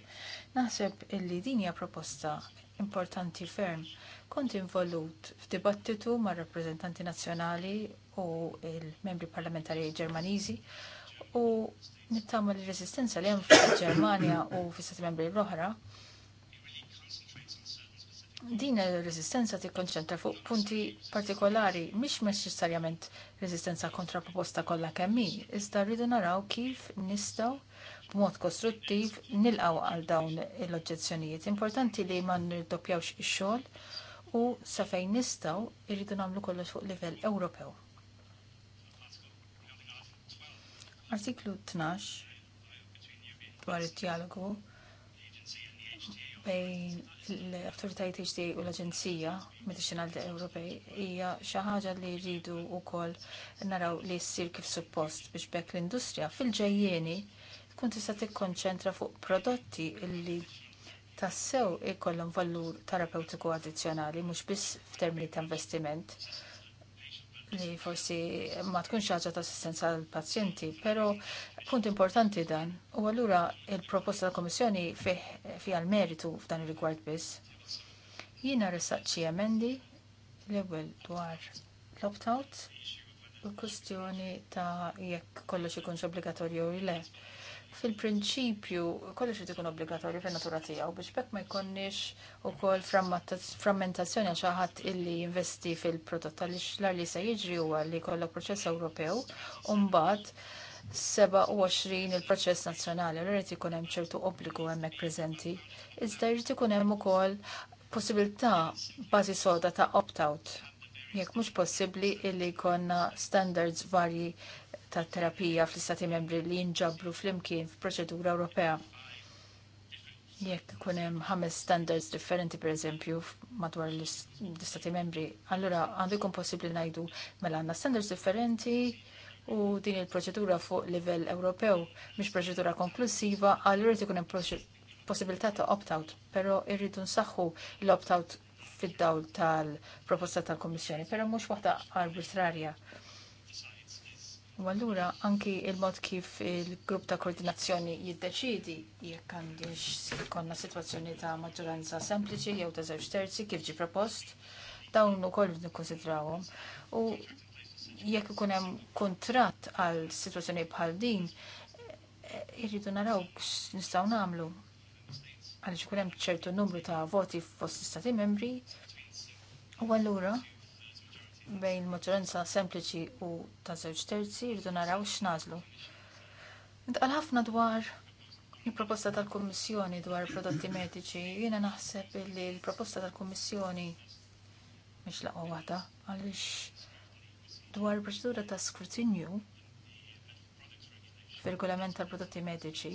naħseb illi din hija proposta importanti ferm. Kont involut f'dibattitu ma' rappreżentanti nazzjonali u il-membri parlamentari ġermaniżi u nittamu l-resistenza li hemm fil-Ġermanja u fis-stati membri l-oħra din il-resistenza tikkonċentra fuq punti partikolari mhix neċessarjament resistenza kontra proposta kollha kemm hi, iżda rridu naraw kif nistgħu b'mod kostruttiv nilqgħu għal dawn l-oġġezzjonijiet. Importanti li ma nirdoppjawx ix-xogħol u sa fejn nistgħu irridu nagħmlu kollox fuq livell Ewropew. Artiklu 12 dwar it-dialogu bejn l-autoritajiet HD u l-Aġenzija Medicinal Ewropej hija xi ħaġa li jridu wkoll naraw li ssir kif suppost biex bekk l-industrija fil-ġejjieni tkun tista' tikkonċentra fuq prodotti li tassew ikollhom valur terapeutiku addizzjonali mhux biss f'termini ta' investiment li forsi ma tkunx xaġa ta' assistenza għal pazjenti, pero punt importanti dan. U allura il-proposta tal komissjoni fi għal-meritu f'dan il-rigward biss. Jina ressaċċi emendi l-ewwel dwar l-opt-out u kustjoni ta' jekk kollox ikunx obbligatorju u le fil-prinċipju kollox irid ikun obbligatorju fin-natura tiegħu biex bekk ma jkunniex ukoll frammentazzjoni għal xi ħadd illi jinvesti fil-prodott għaliex l-ar li se jiġri huwa li jkollok proċess Ewropew u mbagħad 27 il-proċess nazzjonali l irid ikun hemm ċertu obbligu hemmhekk preżenti. Iżda jrid ikun hemm ukoll possibilità bażi soda ta' opt-out jekk mhux possibbli illi jkollna standards varji tal-terapija fl-istati membri li jinġabru fl-imkien f'proċedura Ewropea. Jekk ikun hemm ħames standards differenti pereżempju madwar l-istati membri, allura għandu jkun possibbli ngħidu mela għandna standards differenti u din il-proċedura fuq livell Ewropew mhix proċedura konklusiva, allura ikun hemm possibilità ta' opt-out, però irridu nsaħħu l-opt-out fid-dawl tal-proposta tal kummissjoni pero mhux waħda arbitrarja. U allura anki il-mod kif il-grupp ta' koordinazzjoni jiddeċidi jekk għandix konna situazzjoni ta' maġġoranza sempliċi jew ta' żewġ terzi kif ġi propost dawn ukoll nikkonsidrawhom. U jekk ikun hemm kuntratt għal sitwazzjoni bħal din, irridu naraw nistgħu nagħmlu. Għaliex ikun hemm ċertu numru ta' voti fost istati membri, u allura bejn maġġoranza sempliċi u ta' żewġ terzi rridu naraw x'nażlu. Intqal ħafna dwar il-proposta tal-Kummissjoni dwar prodotti mediċi, jiena naħseb li l-proposta tal-Kummissjoni mhix laqgħa waħda għaliex dwar il-proċedura ta' skrutinju fil-regolament tal-prodotti mediċi.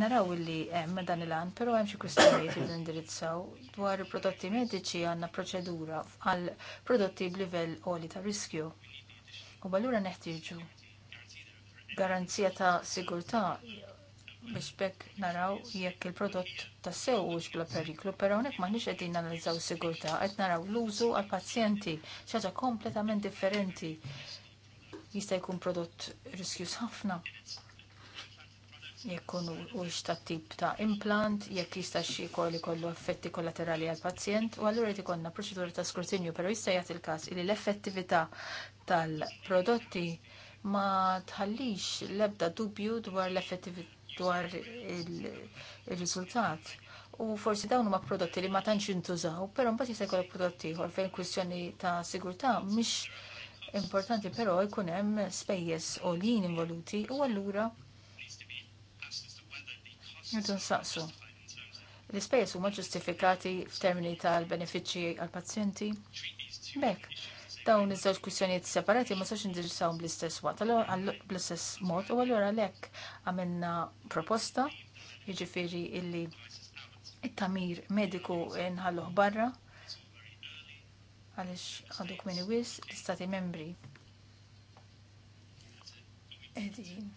Naraw illi hemm eh, dan il-għan, però hemm xi kwistjonijiet li nindirizzaw dwar il-prodotti mediċi għandna proċedura għal prodotti b'livell għoli ta' riskju. U għallura neħtieġu garanzija ta' sigurtà biex bekk naraw jekk il-prodott ta' sew ux bla periklu, pero m'aħniex maħniċ għedin analizzaw sigurta, għed naraw l-użu għal pazjenti, xaġa kompletament differenti. Jista' jkun prodott riskju ħafna. Jekkun u ta' tip ta' implant, jekk jista' xi jkoll kollu effetti kollaterali għall pazjent u allura jrid ikollna proċedura ta' skrutinju, però jista' jagħti il-każ li l-effettività tal-prodotti ma tħallix l-ebda dubju dwar l-effettività dwar il-riżultat. U forsi dawn huma prodotti li ma tantx jintużaw, però mbagħad jista' jkollok prodotti ieħor fejn kwistjoni ta' sigurtà mhix importanti però jkun hemm spejjeż għoljin involuti u allura Nirdu saqsu. L-ispejjeż huma ġustifikati f'termini tal-benefiċċji għall-pazjenti? Bek, dawn iż-żewġ kwistjonijiet separati ma sax indirizzawhom bl-istess waqt, bl-istess mod, u allura lek għamilna proposta, jiġifieri illi it-tamir mediku nħalluh barra għaliex għaduk minn wis l-istati membri. Edin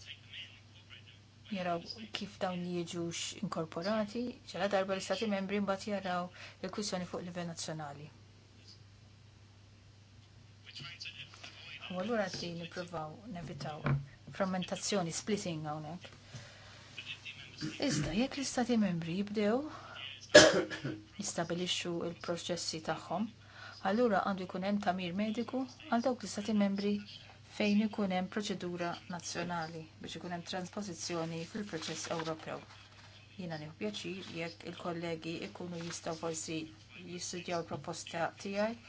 jaraw kif dawn jiġux inkorporati, ċala darba l-istati membri mbagħad jaraw il-kwissjoni fuq livell nazzjonali. U allura għaddi nippruvaw nevitaw frammentazzjoni, splitting hawnhekk. Iżda jekk l-istati membri jibdew jistabilixxu l-proċessi tagħhom, allura għandu jkun hemm tamir mediku għal dawk l-istati membri fejn ikun hemm proċedura nazzjonali biex ikun hemm transpożizzjoni fil-proċess Ewropew. Jiena nieħu pjaċir jekk il-kollegi ikunu jistgħu forsi jistudjaw il-proposta tiegħi.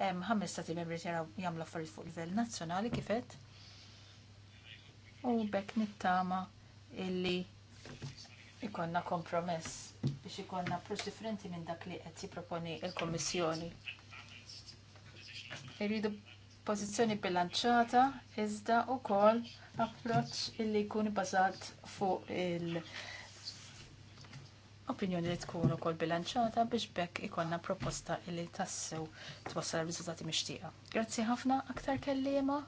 Hemm ħames stati membri jagħmlu affarijiet fuq livell nazzjonali kif għedt. U bekk nittama illi ikonna kompromess biex ikonna approċ differenti minn dak li qed jipproponi l-Kommissjoni. Irridu pożizzjoni bilanċata iżda wkoll approċċ illi jkun bazat fuq il- opinjoni li tkun ukoll bilanċata biex bekk ikollna proposta illi tassew twassal riżultati mixtieqa. Grazzi ħafna aktar kelliema.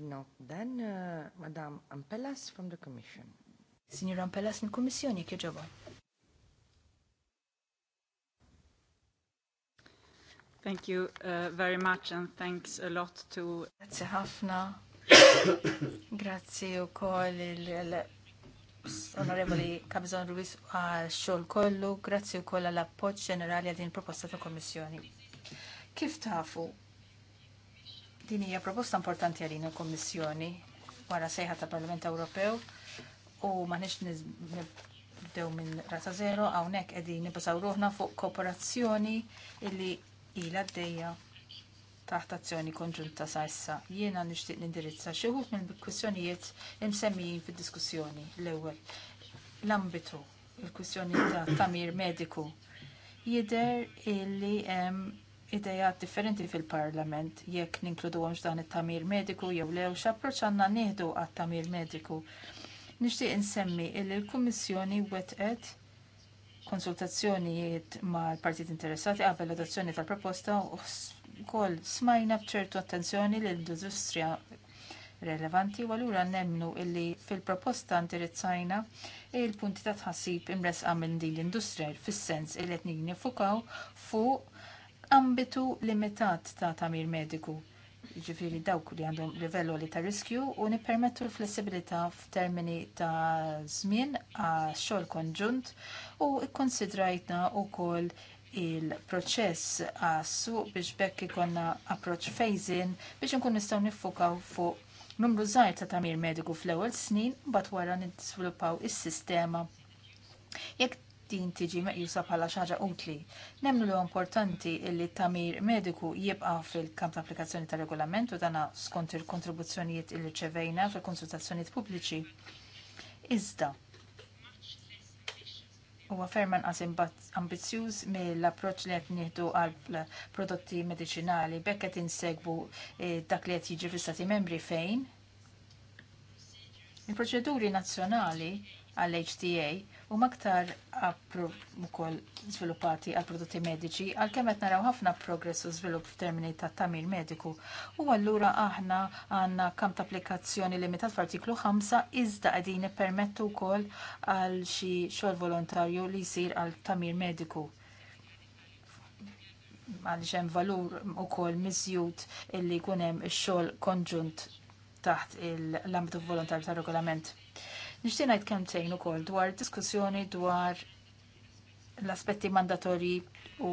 No, then uh, Madam Ampelas from the Commission. Signor Ampelas mill-Kummissjoni kieġoba. Thank you uh, very much and thanks a lot to... Grazie ħafna. Grazie u koll il-Onorevoli Cabzon Ruiz għal xol kollu. Grazie u għall appoġġ ġenerali għal din proposta ta' kommissjoni. Kif tafu? Din hija proposta importanti għalina l-Kommissjoni wara sejħa ta' Parlament Ewropew u maħniex nibdew minn rata zero, hawnhekk qegħdin nibasaw ruħna fuq kooperazzjoni illi ila d-dejja taħt azzjoni konġunta sa' issa. Jiena nixtieq nindirizza xi wħud mill-kwistjonijiet imsemmijin fid-diskussjoni l-ewwel. L-ambitu, il-kwistjoni ta' tamir mediku. Jidher illi hemm idejat differenti fil-parlament jekk ninkluduhomx dan it-tamir mediku jew lew x'approċċ għandna nieħdu għat-tamir mediku. Nixtieq insemmi illi l-Kummissjoni wetqet konsultazzjonijiet mal-partit interessati qabel l-adozzjoni tal-proposta u wkoll smajna bċertu attenzjoni l industrija relevanti u allura nemmnu illi fil-proposta indirizzajna il-punti ta' tħassib imres minn din l-industrija fis-sens il qed fukaw fuq ambitu limitat ta' tamir mediku ġifiri dawk li għandhom livello li ta' riskju u nippermettu l-flessibilità f'termini ta' żmien għax xogħol konġunt u kkonsidrajtna wkoll il-proċess għas-suq biex bekk ikonna approċ phasing biex nkun nistgħu niffukaw fuq numru żgħir ta' tamir mediku fl-ewwel snin mbagħad wara nisviluppaw is-sistema. Jekk din tiġi meqjusa bħala xaġa utli. Nemnu li importanti li tamir mediku jibqa' fil-kamp ta' applikazzjoni ta' regolamentu dana skont il-kontribuzzjonijiet il ċevejna fil-konsultazzjonijiet pubbliċi. Iżda, huwa ferman qas ambizzjuż mill-approċċ li qed nieħdu għal prodotti mediċinali bekket qed insegbu eh, dak li qed jiġi stati Membri fejn. Il-proċeduri nazzjonali għall-HTA u maktar ukoll żviluppati għal prodotti mediċi għalkemm qed naraw ħafna progress u żvilupp f'termini ta' tamir mediku u allura aħna għandna kamp ta' applikazzjoni limitat f'artiklu 5 iżda qegħdin permettu wkoll għal xi xogħol volontarju li jsir għal tamir mediku għal hemm valur kol miżjud illi jkun hemm ix-xogħol konġunt taħt l-ambitu volontarju tar regolament. Nixtieq ngħid kemm tgħin ukoll dwar diskussjoni dwar l-aspetti mandatorji u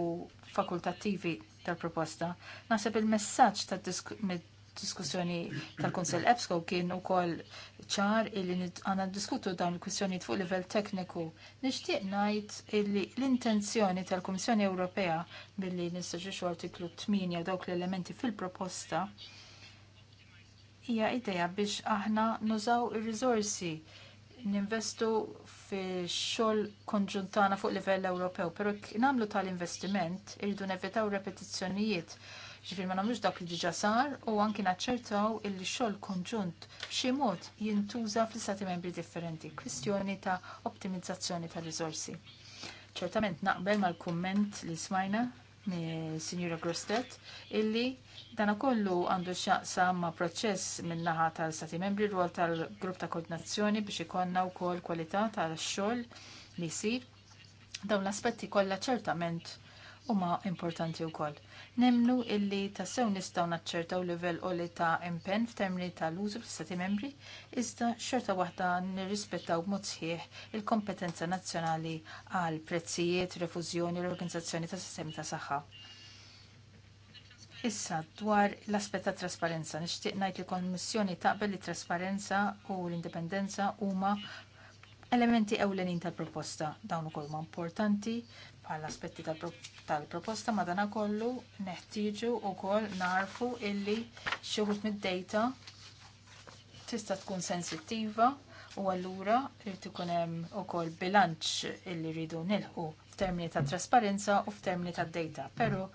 fakultattivi tal-proposta. Naħseb il-messaġġ tad-diskussjoni tal-Kunsell EBSCO kien ukoll ċar illi għandna diskutu dawn il kwissjoni fuq livell tekniku. Nixtieq ngħid illi l-intenzjoni tal-Kummissjoni Ewropea billi nistaġġiex artiklu 8 dawk l-elementi fil-proposta hija idea biex aħna nużaw ir-riżorsi ninvestu fix-xogħol konġuntana fuq livell Ewropew, però nagħmlu tal-investiment irridu nevitaw repetizzjonijiet ġifir ma nagħmlux dak li diġà sar u anki naċċertaw illi xogħol konġunt b'xi mod jintuża fl-istati membri differenti, kwistjoni ta' optimizzazzjoni ta' risorsi Ċertament naqbel mal-kumment li smajna Sinjura Grostet illi Dana kollu għandu xaqsa ma' proċess minnaħa tal-Stati membri rwol tal-grupp ta' koordinazzjoni biex ikonna u kol kwalità tal-xol li jisir. Dawn l-aspetti kollha ċertament huma importanti wkoll. Nemnu illi tassew nistgħu naċċertaw livell li ta' impenn f'termini tal-użu fl-Stati membri, iżda xorta waħda nirrispettaw b'mod sħiħ il-kompetenza nazzjonali għal prezzijiet, refużjoni l-organizzazzjoni ta' sistemi ta' saħħa Issa, dwar l-aspet ta' trasparenza, nixtieq ngħid li kommissjoni taqbel li trasparenza u l-indipendenza huma elementi ewlenin tal-proposta. Dawn ukoll ma' importanti bħal aspetti tal-proposta tal madanakollu neħtieġu wkoll narfu illi xi mid-data tista' tkun sensittiva u allura irid ikun hemm ukoll bilanċ illi rridu nilħu f'termini ta' trasparenza u f'termini ta' data. Pero,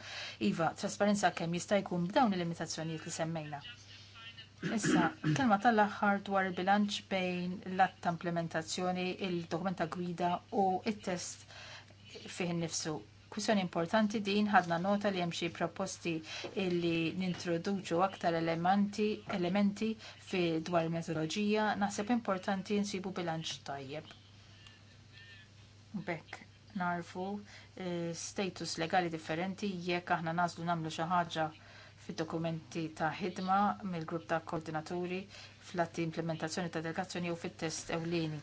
Iva, trasparenza kemm jista' jkun b'dawn il-limitazzjonijiet li semmejna. Issa, kelma tal-aħħar dwar il-bilanċ bejn l-att ta' implementazzjoni, il-dokumenta gwida u il-test fih nifsu. Kwissjoni importanti din ħadna nota li hemm xi proposti illi nintroduċu aktar elementi, elementi fi dwar il-metodoloġija, naħseb importanti nsibu bilanċ tajjeb. Bekk, narfu eh, status legali differenti jekk aħna nażlu nagħmlu xi ħaġa fid-dokumenti ta' ħidma mill-grupp ta' koordinaturi fl-atti implementazzjoni ta' delegazzjoni u fit-test ewlieni.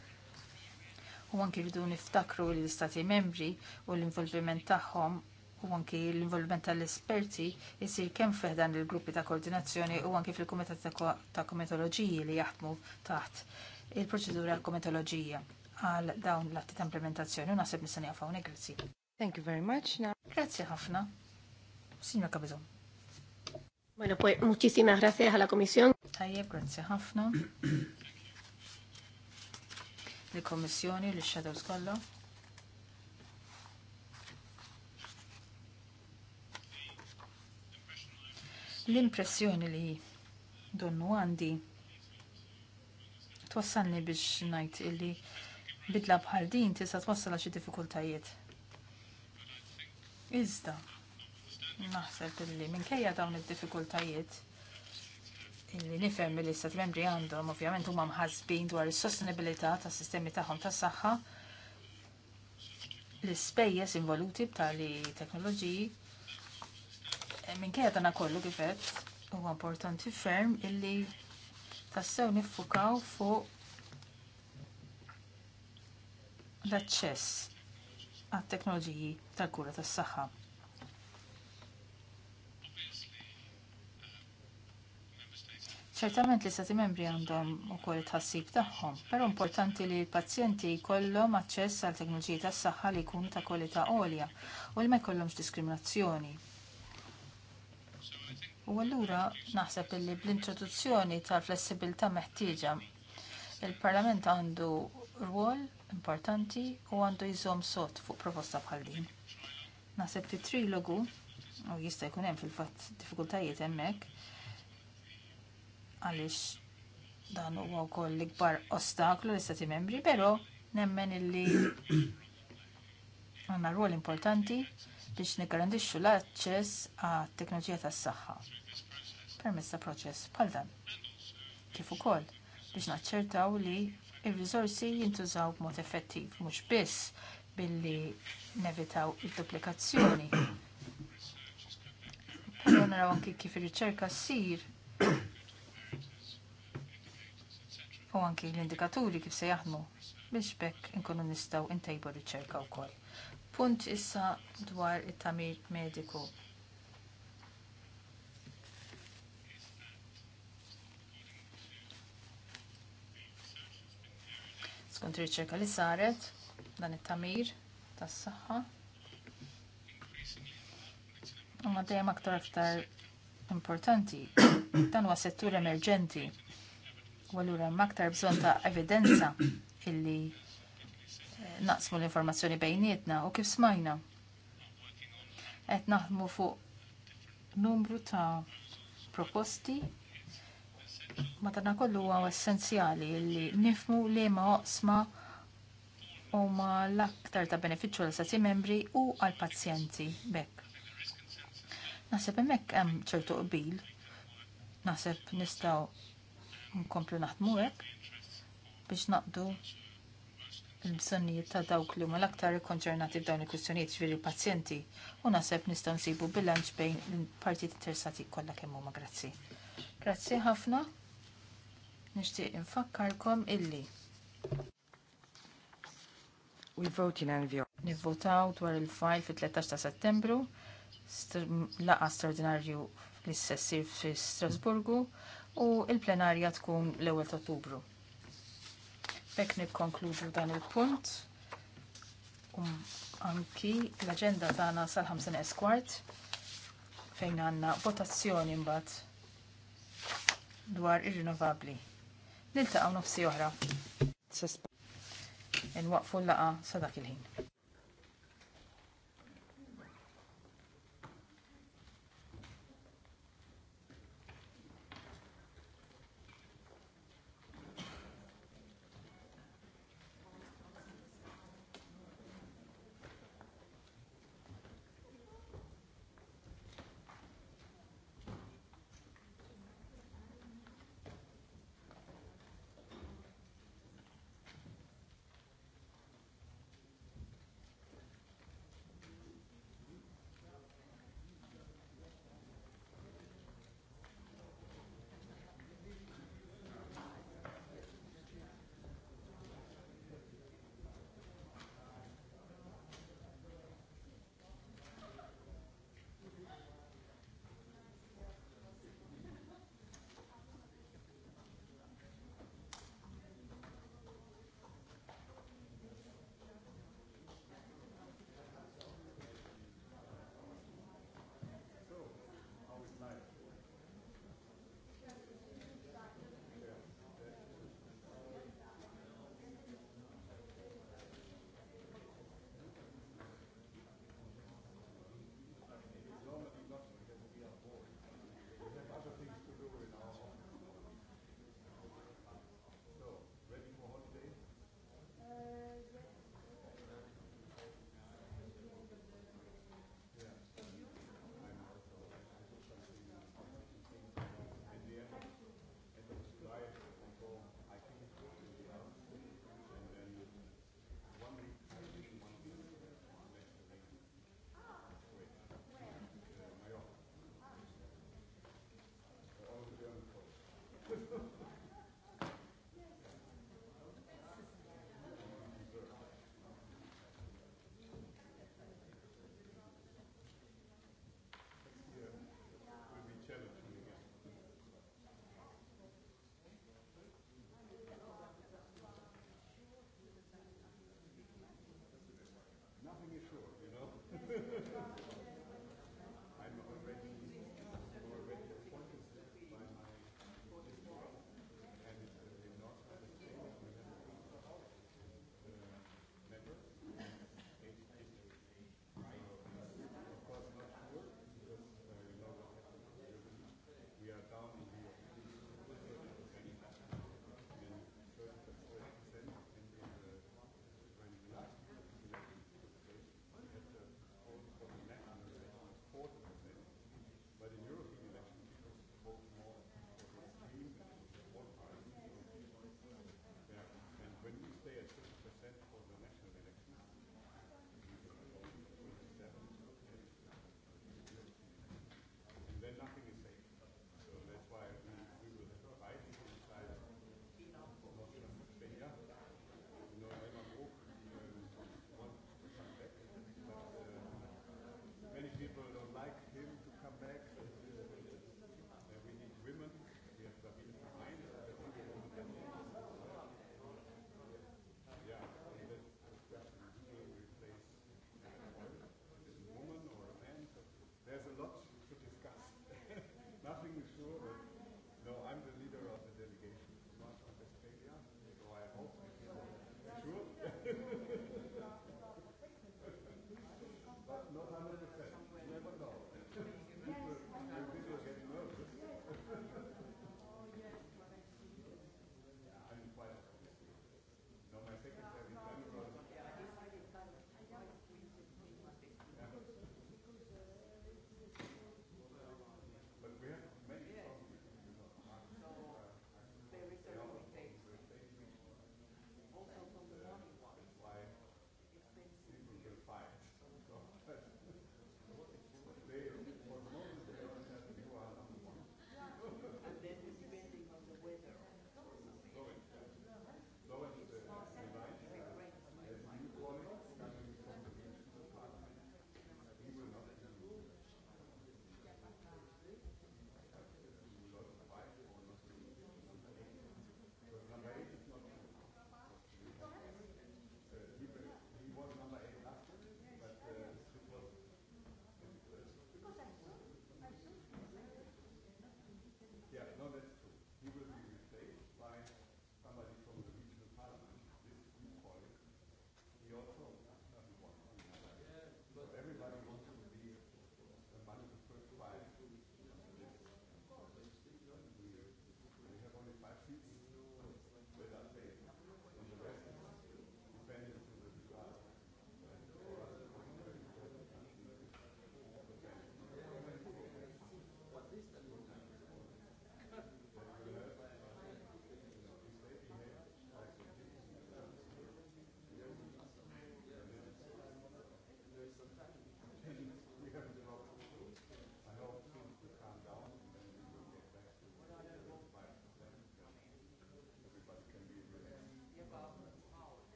U anki rridu niftakru li l-istati membri u l-involviment tagħhom u anki l-involviment tal-esperti jisir kemm dan il-gruppi ta' koordinazzjoni u anki fil-kumitat ta' komitoloġiji li jaħdmu taħt il-proċedura komitoloġija għal dawn l-atti ta' implementazzjoni u naħseb nistani għafawni, grazzi. Thank you very much. Grazzi ħafna. Signor Cabezon. Bueno, pues muchísimas gracias a la comisión. Tajjeb, grazzi ħafna. Li komissjoni, li shadows kollha. L-impressjoni li donnu għandi twassalni biex najt illi bidla bħal din tista' twassal għal xi diffikultajiet. Iżda, naħseb illi minkejja dawn id-diffikultajiet illi nifhem li sat membri għandhom ovvjament huma mħassbin dwar is-sostenibilità tas-sistemi tagħhom tas-saħħa l-ispejjeż involuti b'tali teknoloġiji minkejja tagħna kollu kif huwa importanti ferm illi tassew niffukaw fuq l-aċċess għat teknoloġiji tal-kura tas-saħħa. ċertament li stati membri għandhom ukoll tħassib tagħhom, però importanti li l-pazjenti jkollhom aċċess għal teknoloġiji tas-saħħa li jkunu ta' kwalità għolja u li ma jkollhomx diskriminazzjoni. U allura naħseb li bl-introduzzjoni tal-flessibilità meħtieġa il-Parlament għandu rwol importanti u għandu jżomm sot fuq proposta bħal din. Naħseb fit trilogu u jista' jkun hemm fil-fatt diffikultajiet hemmhekk għaliex dan huwa wkoll l-ikbar ostaklu l-istati membri, però nemmen illi għandna rwol importanti biex nigarantixxu l-aċċess għat teknoloġija tas-saħħa permezz ta' proċess bħal dan. Kif ukoll biex naċċertaw li ir-riżorsi jintużaw b'mod effettiv mhux biss billi nevitaw id-duplikazzjoni. Però naraw anki kif ir-riċerka ssir u anki l-indikaturi kif se jaħdmu biex bekk inkunu nistgħu ntejbu riċerka wkoll. Punt issa dwar it-tamir mediku skont riċerka li saret dan it-tamir tas-saħħa. Huma dejjem aktar aktar importanti. Dan huwa settur emerġenti. U allura hemm aktar bżonn ta' evidenza illi eh, naqsmu l-informazzjoni bejnietna u kif smajna. Qed naħdmu fuq numru ta' proposti Madana kollu huwa essenzjali li nifmu li ma oqsma u ma l-aktar ta' beneficju l sati membri u għal pazjenti bekk. Naħseb hemmhekk hemm ċertu qbil, naħseb nistgħu nkomplu naħdmu hekk biex naqdu il-bżonnijiet ta' dawk li huma l-aktar konċernati f'dawn il-kwistjonijiet ġifieri pazjenti u naħseb nistgħu nsibu bilanċ bejn il-partit interessati kollha kemm huma grazzi. Grazzi ħafna. Nixtieq infakkarkom illi. We vote in NVO. Nivvotaw dwar il-fajl fit-13 ta' settembru, laqa straordinarju s sessir fi Strasburgu u il-plenarja tkun l 1 ta' Ottubru. Bekk nikkonkludu dan il-punt. Um, anki l-agenda tagħna sal-5 esquart fejn għandna votazzjoni mbagħad dwar ir rinovabbli niltaqgħu nofsi oħra. Inwaqfu l-laqa sa dak il-ħin.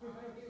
Thank you.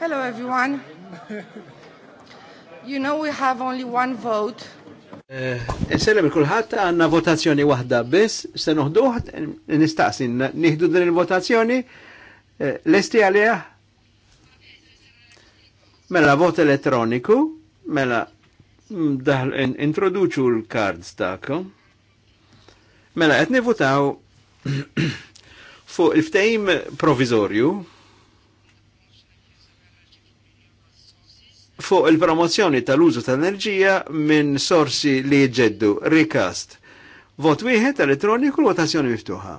Hello, everyone. You know we have only one vote. Eselem eh, il-kulħat għanna votazzjoni wahda biss, se noħduħ, nistaqsin, nieħdu din il-votazzjoni, eh, lesti għalija? Mela vot elettroniku, mela mm, daħl introduċu l-kards ta'kom. Mela qed nivutaw fuq il-ftehim provizorju fuq il-promozzjoni tal-użu tal-enerġija minn sorsi li jġeddu, recast. Vot wieħed elettroniku votazzjoni miftuħa.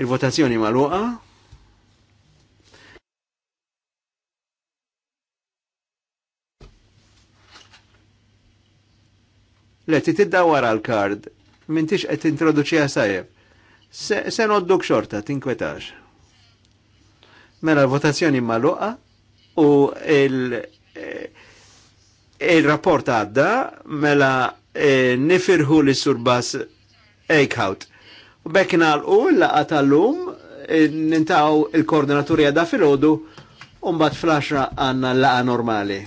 Il-votazzjoni magħluqa. Le, ti tidda wara l-kard mintix qed introduċiha sajjeb. Se, se nodduk xorta, tinkwetax. Mela l-votazzjoni maluqa u il- eh, il-rapport għadda mela e, nifirħu li surbas Eichhout. U bekk nalqu l-laqa tal-lum eh, nintaw il-koordinaturi għadda fil-ħodu un bat flasra għanna laqa normali.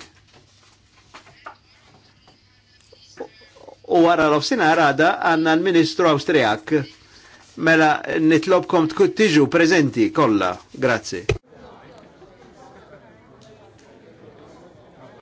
u wara l ofsina għada għanna l-Ministru Austriak. Mela nitlobkom tkun tiġu prezenti kollha. Grazzi.